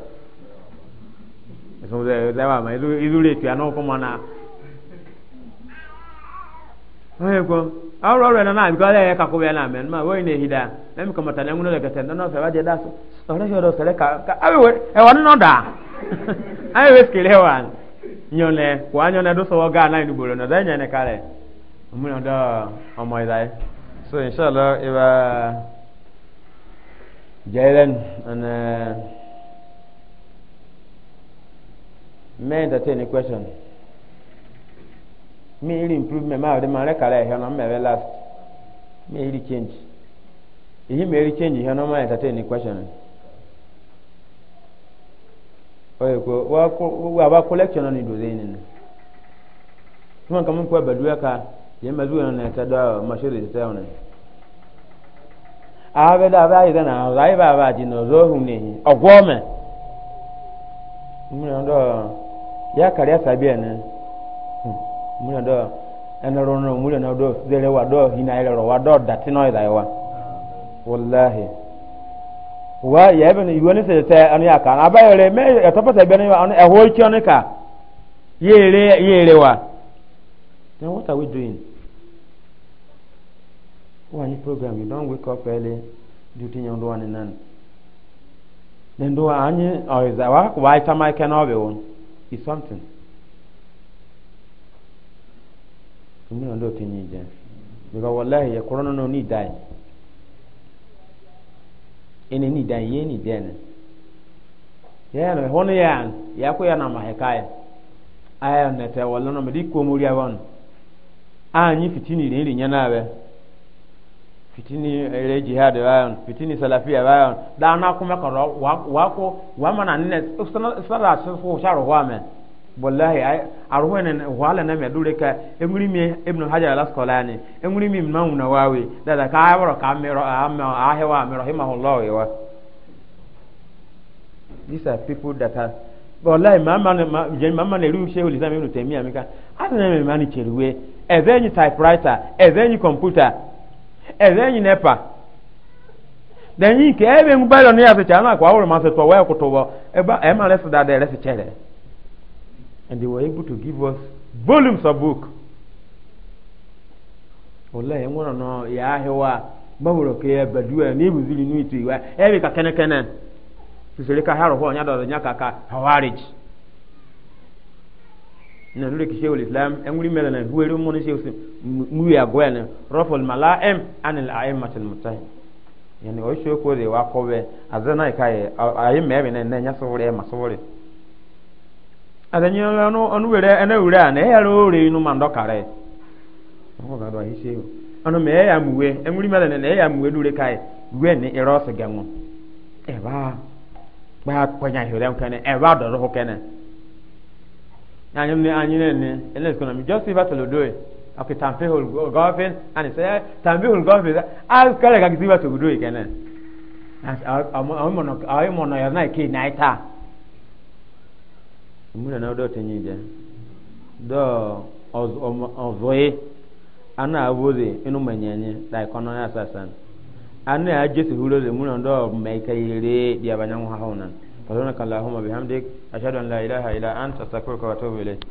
so ze ze wa ma ilu ilu le tu anoko mona ko awro re na bi kala ya ka ko na men ma wo ne hida na mi ta mata na ngulo ga tan no se wa je da so so re ka ka awe we e wa no da ai we wa nyone ko anyo na do so ga na ni bolo na dai so inshallah iba jailen an uh, may entertain mi iri improvement ma ɔde ma ne kala ɛhɛ no mɛbɛ last mi iri change eyi mi iri change hɛ no ma entertain ni question ɔyɛ ko wa ko wa ba collection no ni do de ni no tuma kama ko abadua ka yɛ ma zuwa na ɛsɛ dɔ ma so de sɛ ɔna ahabe da abe ayi dɛ na ɔzɔ ayi ba aba adi na ɔzɔ ohun ne hi ɔgwɔ mɛ mmiri ɔdɔ ya kari asabi ɛni múlẹ̀ dọ́ ẹni múlẹ̀ náà dọ́ zẹlẹ̀ wà dọ́ hinà ẹ̀rẹ̀ rọ̀ wà dọ́ dàtí náà ẹ̀dá wa wọláhì. wà yẹ bẹ ní ìwé ní sèse tẹ ẹni àká abáyọ rẹ mẹ ẹtọ pẹsẹ bẹ ní ẹhọ ìkí ọ ká yéèrè yéèrè wa. then what are we doing? wọ́n ní program you don wake up early do yẹn ló wà ní nánu. then do wa anyi ọ̀ ìzà wa kò wá ìtàmáìkẹ́ náà ọ̀bẹ̀ wọn is something. sunni on do tinyi je because wallahi ya korona no ni dai ene ni die ye ni den ya na hono ya ya ko ya na ma hekaye aya ne te wala no medi ko muri awon anyi fitini ni ri nyana be fitini ere jihad ayon fitini salafia ayon da na kuma karo wa ko wa mana ne sala sala so sharo wa men wallahi ay arwenen wala na me dure ka emuri mi ibn hajar al asqalani emuri mi imam nawawi da da ka ayro ka miro amma ahwa mi rahimahullah wa these are people that are wallahi mama je mama ne ru shehu lisam ibn taymiya mika adana me mani cheruwe evenyi typewriter evenyi computer evenyi nepa then yi ke ebe ngbalon ya se chana kwa wore ma se to wa ko to wa e ma le se da da le se chere and they were able to give us volumes of book. Ola ya ngwana no ya ahewa mawuro ke ya badua ni buzili ni itu iwa ebi ka kene kene. Tusere ka haro ho nya do nya ka ka hawarij. Na dole ki shewul Islam enguri mele na huweru mo ni shewu mu ya gwene rafal malaim anil aimatul mutahin. Yani o sheko de wa kobe azana kai ayi mebe ne nya sowore ma sowore. adanyi ọnụ ọnụ were ene ure a na ya ure inu ma ndo kare ọmọ ga do ahise o muwe na ya muwe uwe kai we ni ero se ganwo e ba gba kwanya hore nkane e ba kene anyi ne anyi ne ne na mi tolo hol a na mura na dɔ tenyi dɛ dɔ ɔzɔye ana awoze inu mɛnyɛnyi da ikɔnɔ ya sasan ana ya jesu huro le mura dɔ mɛka yere di abanya ŋu hahu na. Fasana kallahu ma bihamdik ashhadu an la ilaha illa anta astaghfiruka wa atubu ilayk.